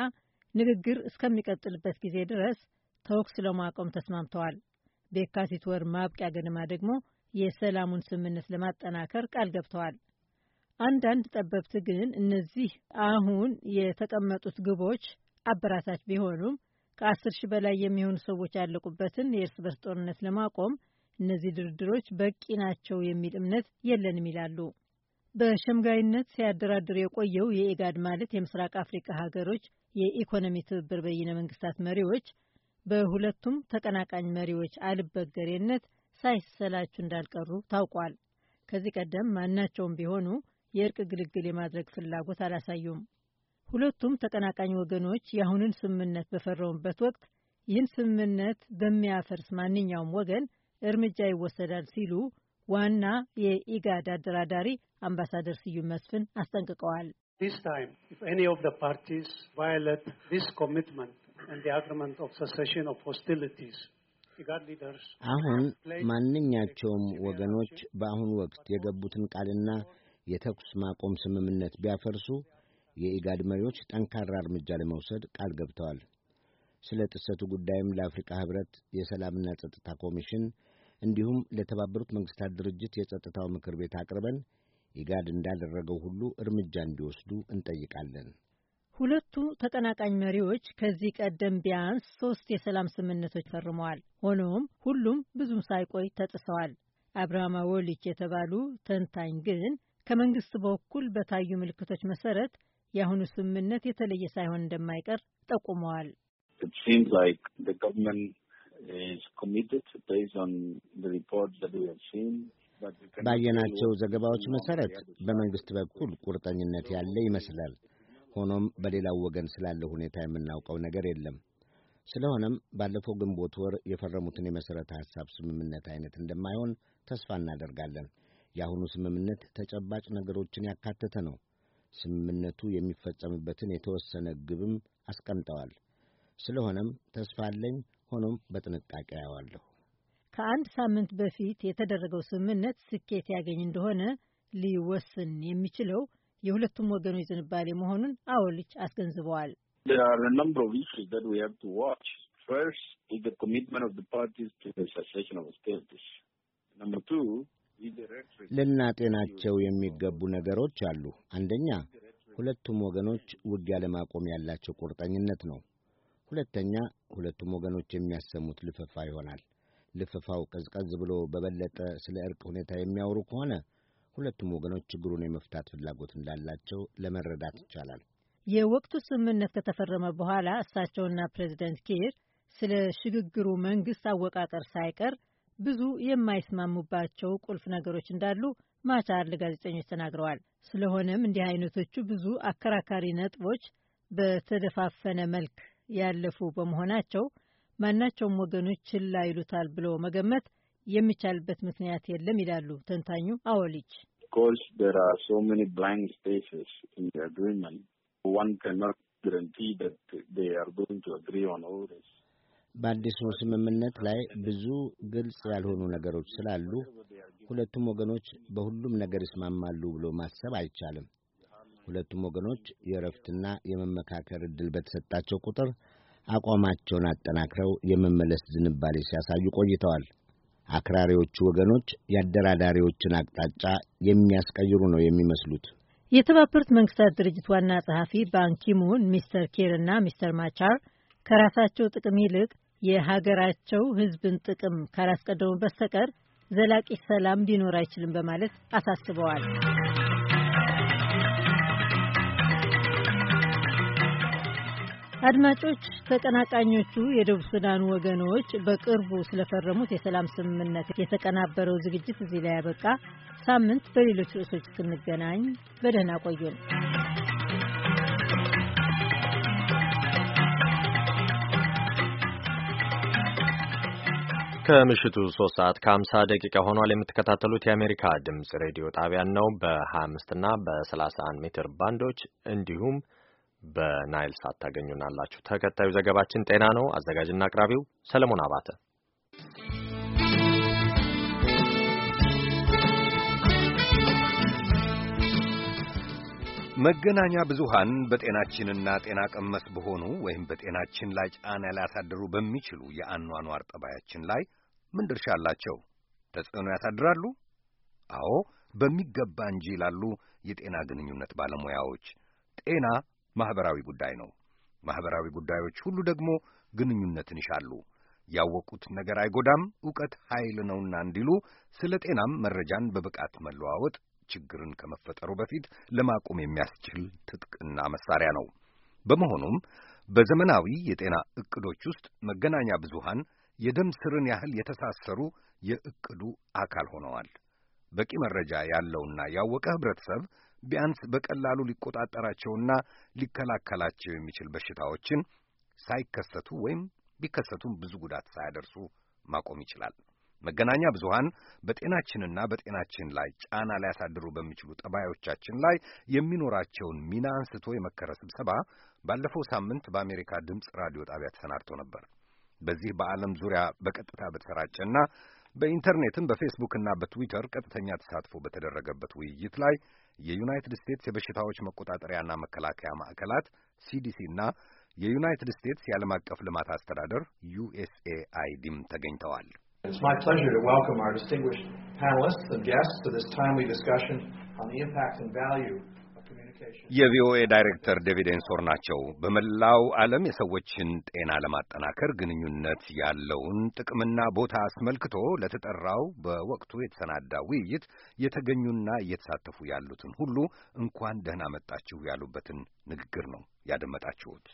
ንግግር እስከሚቀጥልበት ጊዜ ድረስ ተኩስ ለማቆም ተስማምተዋል። በየካቲት ወር ማብቂያ ገደማ ደግሞ የሰላሙን ስምምነት ለማጠናከር ቃል ገብተዋል። አንዳንድ ጠበብት ግን እነዚህ አሁን የተቀመጡት ግቦች አበራታች ቢሆኑም ከአስር ሺህ በላይ የሚሆኑ ሰዎች ያለቁበትን የእርስ በርስ ጦርነት ለማቆም እነዚህ ድርድሮች በቂ ናቸው የሚል እምነት የለንም ይላሉ። በሸምጋይነት ሲያደራድር የቆየው የኢጋድ ማለት የምስራቅ አፍሪካ ሀገሮች የኢኮኖሚ ትብብር በይነ መንግስታት መሪዎች በሁለቱም ተቀናቃኝ መሪዎች አልበገሬነት ሳይሰላቹ እንዳልቀሩ ታውቋል። ከዚህ ቀደም ማናቸውም ቢሆኑ የእርቅ ግልግል የማድረግ ፍላጎት አላሳዩም። ሁለቱም ተቀናቃኝ ወገኖች የአሁንን ስምምነት በፈረሙበት ወቅት ይህን ስምምነት በሚያፈርስ ማንኛውም ወገን እርምጃ ይወሰዳል ሲሉ ዋና የኢጋድ አደራዳሪ አምባሳደር ስዩም መስፍን አስጠንቅቀዋል። አሁን ማንኛቸውም ወገኖች በአሁኑ ወቅት የገቡትን ቃልና የተኩስ ማቆም ስምምነት ቢያፈርሱ የኢጋድ መሪዎች ጠንካራ እርምጃ ለመውሰድ ቃል ገብተዋል። ስለ ጥሰቱ ጉዳይም ለአፍሪካ ሕብረት የሰላምና ጸጥታ ኮሚሽን እንዲሁም ለተባበሩት መንግሥታት ድርጅት የጸጥታው ምክር ቤት አቅርበን ኢጋድ እንዳደረገው ሁሉ እርምጃ እንዲወስዱ እንጠይቃለን። ሁለቱ ተቀናቃኝ መሪዎች ከዚህ ቀደም ቢያንስ ሶስት የሰላም ስምምነቶች ፈርመዋል። ሆኖም ሁሉም ብዙም ሳይቆይ ተጥሰዋል። አብርሃማ ወሊች የተባሉ ተንታኝ ግን ከመንግስት በኩል በታዩ ምልክቶች መሰረት የአሁኑ ስምምነት የተለየ ሳይሆን እንደማይቀር ጠቁመዋል። is committed based on the reports that we have seen. ባየናቸው ዘገባዎች መሰረት በመንግስት በኩል ቁርጠኝነት ያለ ይመስላል። ሆኖም በሌላው ወገን ስላለ ሁኔታ የምናውቀው ነገር የለም። ስለሆነም ባለፈው ግንቦት ወር የፈረሙትን የመሠረተ ሐሳብ ስምምነት አይነት እንደማይሆን ተስፋ እናደርጋለን። የአሁኑ ስምምነት ተጨባጭ ነገሮችን ያካተተ ነው። ስምምነቱ የሚፈጸምበትን የተወሰነ ግብም አስቀምጠዋል። ስለሆነም ተስፋ አለኝ ሆኖም በጥንቃቄ አየዋለሁ። ከአንድ ሳምንት በፊት የተደረገው ስምምነት ስኬት ያገኝ እንደሆነ ሊወስን የሚችለው የሁለቱም ወገኖች ዝንባሌ መሆኑን አወልች አስገንዝበዋል። ልናጤናቸው የሚገቡ ነገሮች አሉ። አንደኛ ሁለቱም ወገኖች ውጊያ ለማቆም ያላቸው ቁርጠኝነት ነው። ሁለተኛ ሁለቱም ወገኖች የሚያሰሙት ልፈፋ ይሆናል። ልፈፋው ቀዝቀዝ ብሎ በበለጠ ስለ እርቅ ሁኔታ የሚያወሩ ከሆነ ሁለቱም ወገኖች ችግሩን የመፍታት ፍላጎት እንዳላቸው ለመረዳት ይቻላል። የወቅቱ ስምምነት ከተፈረመ በኋላ እሳቸውና ፕሬዚደንት ኪር ስለ ሽግግሩ መንግስት አወቃቀር ሳይቀር ብዙ የማይስማሙባቸው ቁልፍ ነገሮች እንዳሉ ማቻር ለጋዜጠኞች ተናግረዋል። ስለሆነም እንዲህ አይነቶቹ ብዙ አከራካሪ ነጥቦች በተደፋፈነ መልክ ያለፉ በመሆናቸው ማናቸውም ወገኖች ችላ ይሉታል ብሎ መገመት የሚቻልበት ምክንያት የለም ይላሉ ተንታኙ አወሊች። በአዲሱ ስምምነት ላይ ብዙ ግልጽ ያልሆኑ ነገሮች ስላሉ ሁለቱም ወገኖች በሁሉም ነገር ይስማማሉ ብሎ ማሰብ አይቻልም። ሁለቱም ወገኖች የእረፍትና የመመካከር ዕድል በተሰጣቸው ቁጥር አቋማቸውን አጠናክረው የመመለስ ዝንባሌ ሲያሳዩ ቆይተዋል። አክራሪዎቹ ወገኖች የአደራዳሪዎችን አቅጣጫ የሚያስቀይሩ ነው የሚመስሉት። የተባበሩት መንግስታት ድርጅት ዋና ጸሐፊ ባንኪሙን ሚስተር ኬር እና ሚስተር ማቻር ከራሳቸው ጥቅም ይልቅ የሀገራቸው ሕዝብን ጥቅም ካላስቀደሙ በስተቀር ዘላቂ ሰላም ሊኖር አይችልም በማለት አሳስበዋል። አድማጮች፣ ተቀናቃኞቹ የደቡብ ሱዳን ወገኖች በቅርቡ ስለፈረሙት የሰላም ስምምነት የተቀናበረው ዝግጅት እዚህ ላይ ያበቃ። ሳምንት በሌሎች ርዕሶች እስክንገናኝ በደህና ቆዩን። ከምሽቱ 3 ሰዓት ከ50 ደቂቃ ሆኗል። የምትከታተሉት የአሜሪካ ድምፅ ሬዲዮ ጣቢያን ነው። በ25 እና በ31 ሜትር ባንዶች እንዲሁም በናይል ሳት ታገኙናላችሁ። ተከታዩ ዘገባችን ጤና ነው። አዘጋጅና አቅራቢው ሰለሞን አባተ። መገናኛ ብዙሃን በጤናችንና ጤና ቀመስ በሆኑ ወይም በጤናችን ላይ ጫና ሊያሳድሩ በሚችሉ የአኗኗር ጠባያችን ላይ ምን ድርሻ አላቸው? ተጽዕኖ ያሳድራሉ? አዎ በሚገባ እንጂ ይላሉ የጤና ግንኙነት ባለሙያዎች። ጤና ማኅበራዊ ጉዳይ ነው። ማኅበራዊ ጉዳዮች ሁሉ ደግሞ ግንኙነትን ይሻሉ። ያወቁት ነገር አይጎዳም፣ ዕውቀት ኃይል ነውና እንዲሉ ስለ ጤናም መረጃን በብቃት መለዋወጥ ችግርን ከመፈጠሩ በፊት ለማቆም የሚያስችል ትጥቅና መሳሪያ ነው። በመሆኑም በዘመናዊ የጤና እቅዶች ውስጥ መገናኛ ብዙሃን የደም ስርን ያህል የተሳሰሩ የእቅዱ አካል ሆነዋል። በቂ መረጃ ያለውና ያወቀ ህብረተሰብ። ቢያንስ በቀላሉ ሊቆጣጠራቸውና ሊከላከላቸው የሚችል በሽታዎችን ሳይከሰቱ ወይም ቢከሰቱም ብዙ ጉዳት ሳያደርሱ ማቆም ይችላል። መገናኛ ብዙሃን በጤናችንና በጤናችን ላይ ጫና ሊያሳድሩ በሚችሉ ጠባዮቻችን ላይ የሚኖራቸውን ሚና አንስቶ የመከረ ስብሰባ ባለፈው ሳምንት በአሜሪካ ድምፅ ራዲዮ ጣቢያ ተሰናድቶ ነበር። በዚህ በዓለም ዙሪያ በቀጥታ በተሰራጨና በኢንተርኔትም በፌስቡክና በትዊተር ቀጥተኛ ተሳትፎ በተደረገበት ውይይት ላይ የዩናይትድ ስቴትስ የበሽታዎች መቆጣጠሪያና መከላከያ ማዕከላት ሲዲሲ እና የዩናይትድ ስቴትስ የዓለም አቀፍ ልማት አስተዳደር ዩኤስኤአይዲም ተገኝተዋል። የቪኦኤ ዳይሬክተር ዴቪድ ኤንሶር ናቸው። በመላው ዓለም የሰዎችን ጤና ለማጠናከር ግንኙነት ያለውን ጥቅምና ቦታ አስመልክቶ ለተጠራው በወቅቱ የተሰናዳ ውይይት የተገኙና እየተሳተፉ ያሉትን ሁሉ እንኳን ደህና መጣችሁ ያሉበትን ንግግር ነው ያደመጣችሁት።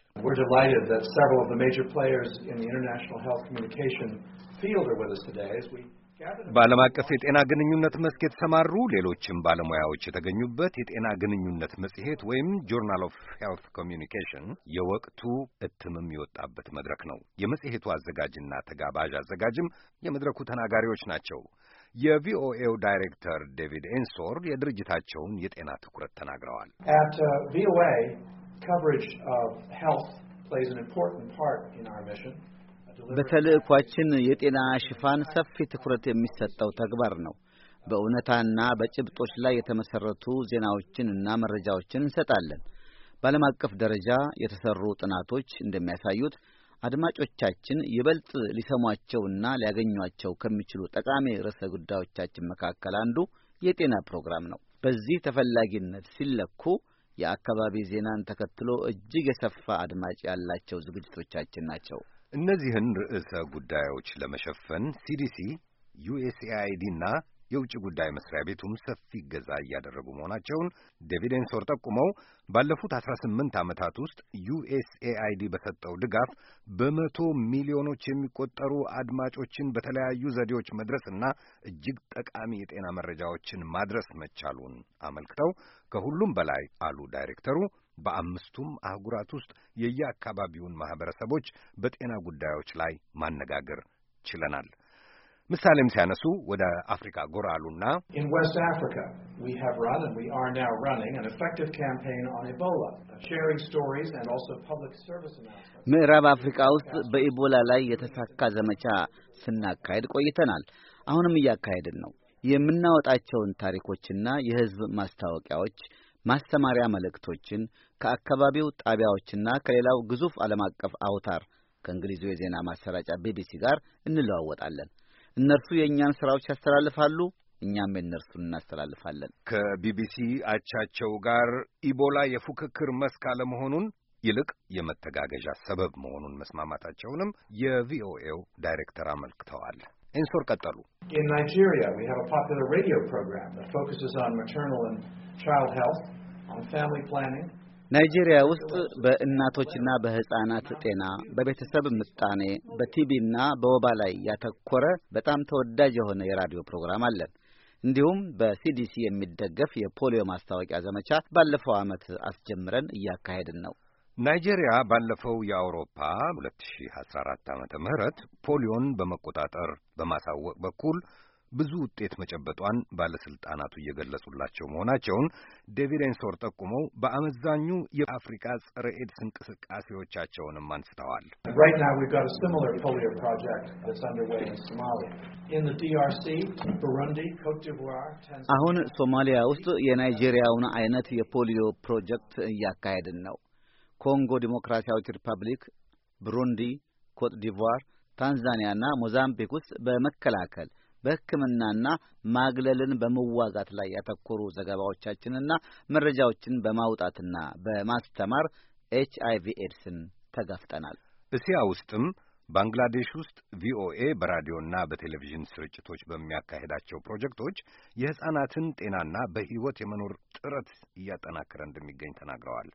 በዓለም አቀፍ የጤና ግንኙነት መስክ የተሰማሩ ሌሎችም ባለሙያዎች የተገኙበት የጤና ግንኙነት መጽሔት ወይም ጆርናል ኦፍ ሄልት ኮሚኒኬሽን የወቅቱ እትምም የወጣበት መድረክ ነው። የመጽሔቱ አዘጋጅና ተጋባዥ አዘጋጅም የመድረኩ ተናጋሪዎች ናቸው። የቪኦኤው ዳይሬክተር ዴቪድ ኤንሶር የድርጅታቸውን የጤና ትኩረት ተናግረዋል። ቪኦኤ uh, coverage of health plays an important part in our mission. በተልእኳችን የጤና ሽፋን ሰፊ ትኩረት የሚሰጠው ተግባር ነው። በእውነታና በጭብጦች ላይ ዜናዎችን ዜናዎችንና መረጃዎችን እንሰጣለን። በዓለም አቀፍ ደረጃ የተሰሩ ጥናቶች እንደሚያሳዩት አድማጮቻችን ይበልጥ ሊሰሟቸውና ሊያገኟቸው ከሚችሉ ጠቃሚ ርዕሰ ጉዳዮቻችን መካከል አንዱ የጤና ፕሮግራም ነው። በዚህ ተፈላጊነት ሲለኩ የአካባቢ ዜናን ተከትሎ እጅግ የሰፋ አድማጭ ያላቸው ዝግጅቶቻችን ናቸው። እነዚህን ርዕሰ ጉዳዮች ለመሸፈን ሲዲሲ፣ ዩኤስኤአይዲና የውጭ ጉዳይ መስሪያ ቤቱም ሰፊ ገዛ እያደረጉ መሆናቸውን ዴቪድ ኤንሶር ጠቁመው ባለፉት አስራ ስምንት ዓመታት ውስጥ ዩኤስኤአይዲ በሰጠው ድጋፍ በመቶ ሚሊዮኖች የሚቆጠሩ አድማጮችን በተለያዩ ዘዴዎች መድረስና እጅግ ጠቃሚ የጤና መረጃዎችን ማድረስ መቻሉን አመልክተው ከሁሉም በላይ አሉ ዳይሬክተሩ በአምስቱም አህጉራት ውስጥ የየአካባቢውን ማኅበረሰቦች በጤና ጉዳዮች ላይ ማነጋገር ችለናል። ምሳሌም ሲያነሱ ወደ አፍሪካ ጎራ አሉና ምዕራብ አፍሪካ ውስጥ በኢቦላ ላይ የተሳካ ዘመቻ ስናካሄድ ቆይተናል። አሁንም እያካሄድን ነው። የምናወጣቸውን ታሪኮችና የህዝብ ማስታወቂያዎች ማስተማሪያ መልእክቶችን ከአካባቢው ጣቢያዎችና ከሌላው ግዙፍ ዓለም አቀፍ አውታር ከእንግሊዙ የዜና ማሰራጫ ቢቢሲ ጋር እንለዋወጣለን። እነርሱ የእኛን ሥራዎች ያስተላልፋሉ፣ እኛም የእነርሱን እናስተላልፋለን። ከቢቢሲ አቻቸው ጋር ኢቦላ የፉክክር መስክ አለመሆኑን ይልቅ የመተጋገዣ ሰበብ መሆኑን መስማማታቸውንም የቪኦኤው ዳይሬክተር አመልክተዋል። ኤንሶር ቀጠሉ። ናይጄሪያ ውስጥ በእናቶችና በሕፃናት ጤና፣ በቤተሰብ ምጣኔ፣ በቲቢና በወባ ላይ ያተኮረ በጣም ተወዳጅ የሆነ የራዲዮ ፕሮግራም አለን። እንዲሁም በሲዲሲ የሚደገፍ የፖሊዮ ማስታወቂያ ዘመቻ ባለፈው ዓመት አስጀምረን እያካሄድን ነው። ናይጄሪያ ባለፈው የአውሮፓ 2014 ዓመተ ምህረት ፖሊዮን በመቆጣጠር በማሳወቅ በኩል ብዙ ውጤት መጨበጧን ባለስልጣናቱ እየገለጹላቸው መሆናቸውን ዴቪድ ኤንሶር ጠቁመው በአመዛኙ የአፍሪካ ጸረ ኤድስ እንቅስቃሴዎቻቸውንም አንስተዋል። አሁን ሶማሊያ ውስጥ የናይጄሪያውን አይነት የፖሊዮ ፕሮጀክት እያካሄድን ነው። ኮንጎ ዲሞክራሲያዊት ሪፐብሊክ፣ ብሩንዲ፣ ኮት ዲቯር፣ ታንዛኒያና ሞዛምቢክ ውስጥ በመከላከል በሕክምናና ማግለልን በመዋጋት ላይ ያተኮሩ ዘገባዎቻችንና መረጃዎችን በማውጣትና በማስተማር ኤች አይቪ ኤድስን ተጋፍጠናል። እስያ ውስጥም ባንግላዴሽ ውስጥ ቪኦኤ በራዲዮና በቴሌቪዥን ስርጭቶች በሚያካሄዳቸው ፕሮጀክቶች የሕፃናትን ጤናና በሕይወት የመኖር ጥረት እያጠናከረ እንደሚገኝ ተናግረዋል።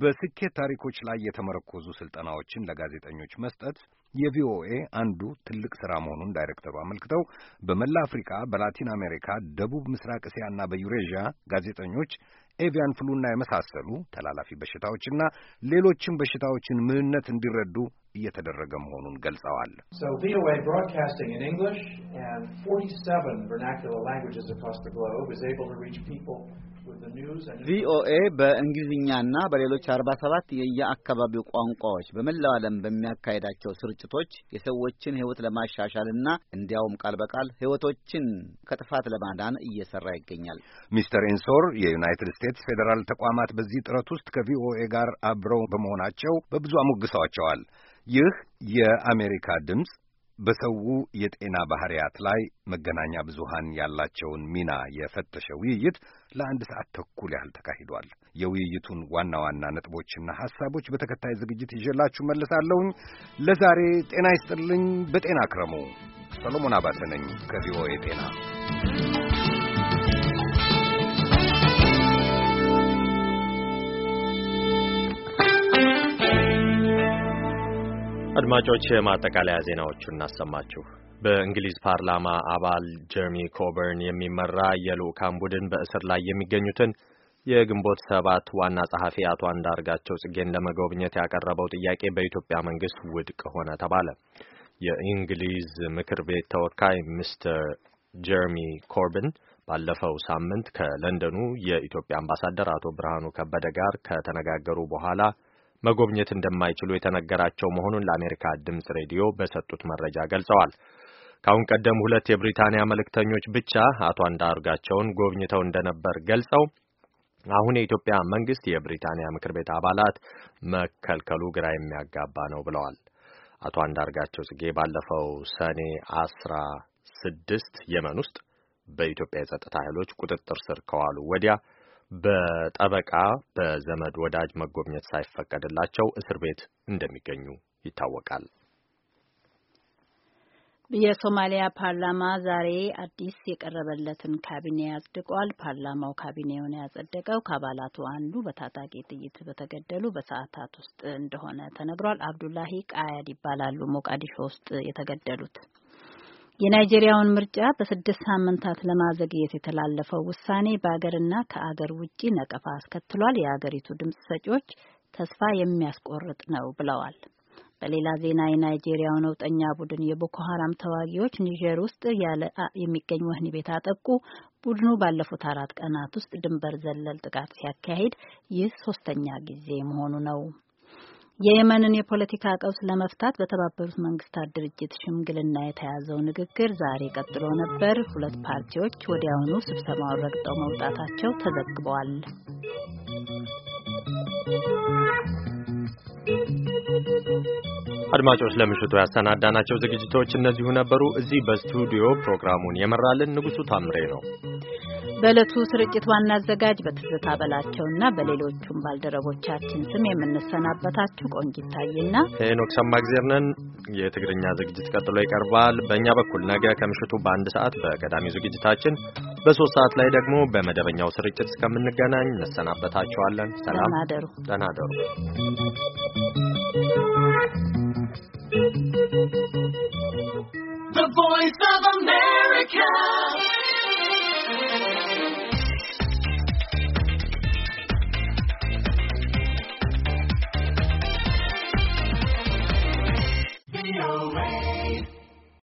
በስኬት ታሪኮች ላይ የተመረኮዙ ስልጠናዎችን ለጋዜጠኞች መስጠት የቪኦኤ አንዱ ትልቅ ስራ መሆኑን ዳይሬክተሩ አመልክተው በመላ አፍሪካ፣ በላቲን አሜሪካ፣ ደቡብ ምስራቅ እስያና በዩሬዥያ ጋዜጠኞች ኤቪያን ፍሉና የመሳሰሉ ተላላፊ በሽታዎችና ሌሎችም በሽታዎችን ምንነት እንዲረዱ እየተደረገ መሆኑን ገልጸዋል። ቪኦኤ በእንግሊዝኛና በሌሎች አርባ ሰባት የየአካባቢው ቋንቋዎች በመላው ዓለም በሚያካሄዳቸው ስርጭቶች የሰዎችን ሕይወት ለማሻሻልና እንዲያውም ቃል በቃል ሕይወቶችን ከጥፋት ለማዳን እየሰራ ይገኛል። ሚስተር ኢንሶር የዩናይትድ ስቴትስ ፌዴራል ተቋማት በዚህ ጥረት ውስጥ ከቪኦኤ ጋር አብረው በመሆናቸው በብዙ አሞግሰዋቸዋል። ይህ የአሜሪካ ድምፅ በሰው የጤና ባህሪያት ላይ መገናኛ ብዙሃን ያላቸውን ሚና የፈተሸ ውይይት ለአንድ ሰዓት ተኩል ያህል ተካሂዷል። የውይይቱን ዋና ዋና ነጥቦችና ሐሳቦች በተከታይ ዝግጅት ይዤላችሁ መልሳለሁኝ። ለዛሬ ጤና ይስጥልኝ። በጤና ክረሙ። ሰሎሞን አባተ ነኝ ከቪኦኤ ጤና አድማጮች የማጠቃለያ ዜናዎቹን እናሰማችሁ። በእንግሊዝ ፓርላማ አባል ጀርሚ ኮበርን የሚመራ የልዑካን ቡድን በእስር ላይ የሚገኙትን የግንቦት ሰባት ዋና ጸሐፊ አቶ አንዳርጋቸው ጽጌን ለመጎብኘት ያቀረበው ጥያቄ በኢትዮጵያ መንግስት ውድቅ ሆነ ተባለ። የእንግሊዝ ምክር ቤት ተወካይ ሚስተር ጀርሚ ኮርብን ባለፈው ሳምንት ከለንደኑ የኢትዮጵያ አምባሳደር አቶ ብርሃኑ ከበደ ጋር ከተነጋገሩ በኋላ መጎብኘት እንደማይችሉ የተነገራቸው መሆኑን ለአሜሪካ ድምፅ ሬዲዮ በሰጡት መረጃ ገልጸዋል። ካሁን ቀደም ሁለት የብሪታንያ መልእክተኞች ብቻ አቶ አንዳርጋቸውን ጎብኝተው እንደነበር ገልጸው አሁን የኢትዮጵያ መንግስት የብሪታንያ ምክር ቤት አባላት መከልከሉ ግራ የሚያጋባ ነው ብለዋል። አቶ አንዳርጋቸው ጽጌ ባለፈው ሰኔ አስራ ስድስት የመን ውስጥ በኢትዮጵያ የጸጥታ ኃይሎች ቁጥጥር ስር ከዋሉ ወዲያ በጠበቃ በዘመድ ወዳጅ መጎብኘት ሳይፈቀድላቸው እስር ቤት እንደሚገኙ ይታወቃል። የሶማሊያ ፓርላማ ዛሬ አዲስ የቀረበለትን ካቢኔ አጽድቋል። ፓርላማው ካቢኔውን ያጸደቀው ከአባላቱ አንዱ በታጣቂ ጥይት በተገደሉ በሰዓታት ውስጥ እንደሆነ ተነግሯል። አብዱላሂ ቃያድ ይባላሉ ሞቃዲሾ ውስጥ የተገደሉት። የናይጄሪያውን ምርጫ በስድስት ሳምንታት ለማዘግየት የተላለፈው ውሳኔ በአገርና ከአገር ውጪ ነቀፋ አስከትሏል። የአገሪቱ ድምፅ ሰጪዎች ተስፋ የሚያስቆርጥ ነው ብለዋል። በሌላ ዜና የናይጄሪያው ነውጠኛ ቡድን የቦኮ ሀራም ተዋጊዎች ኒጀር ውስጥ ያለ የሚገኝ ወህኒ ቤት አጠቁ። ቡድኑ ባለፉት አራት ቀናት ውስጥ ድንበር ዘለል ጥቃት ሲያካሂድ ይህ ሶስተኛ ጊዜ መሆኑ ነው። የየመንን የፖለቲካ ቀውስ ለመፍታት በተባበሩት መንግስታት ድርጅት ሽምግልና የተያዘው ንግግር ዛሬ ቀጥሎ ነበር። ሁለት ፓርቲዎች ወዲያውኑ ስብሰባውን ረግጠው መውጣታቸው ተዘግበዋል። አድማጮች ለምሽቱ ያሰናዳናቸው ዝግጅቶች እነዚሁ ነበሩ። እዚህ በስቱዲዮ ፕሮግራሙን የመራልን ንጉሱ ታምሬ ነው። በዕለቱ ስርጭት ዋና አዘጋጅ በትዝታ በላቸውና በሌሎቹም ባልደረቦቻችን ስም የምንሰናበታችሁ ቆንጂት ታዬና ሄኖክ ሰማእግዜር ነን። የትግርኛ ዝግጅት ቀጥሎ ይቀርባል። በእኛ በኩል ነገ ከምሽቱ በአንድ ሰዓት በቀዳሚው ዝግጅታችን፣ በሶስት ሰዓት ላይ ደግሞ በመደበኛው ስርጭት እስከምንገናኝ እንሰናበታችኋለን። ሰላም ደህና ደሩ The voice of America VOA.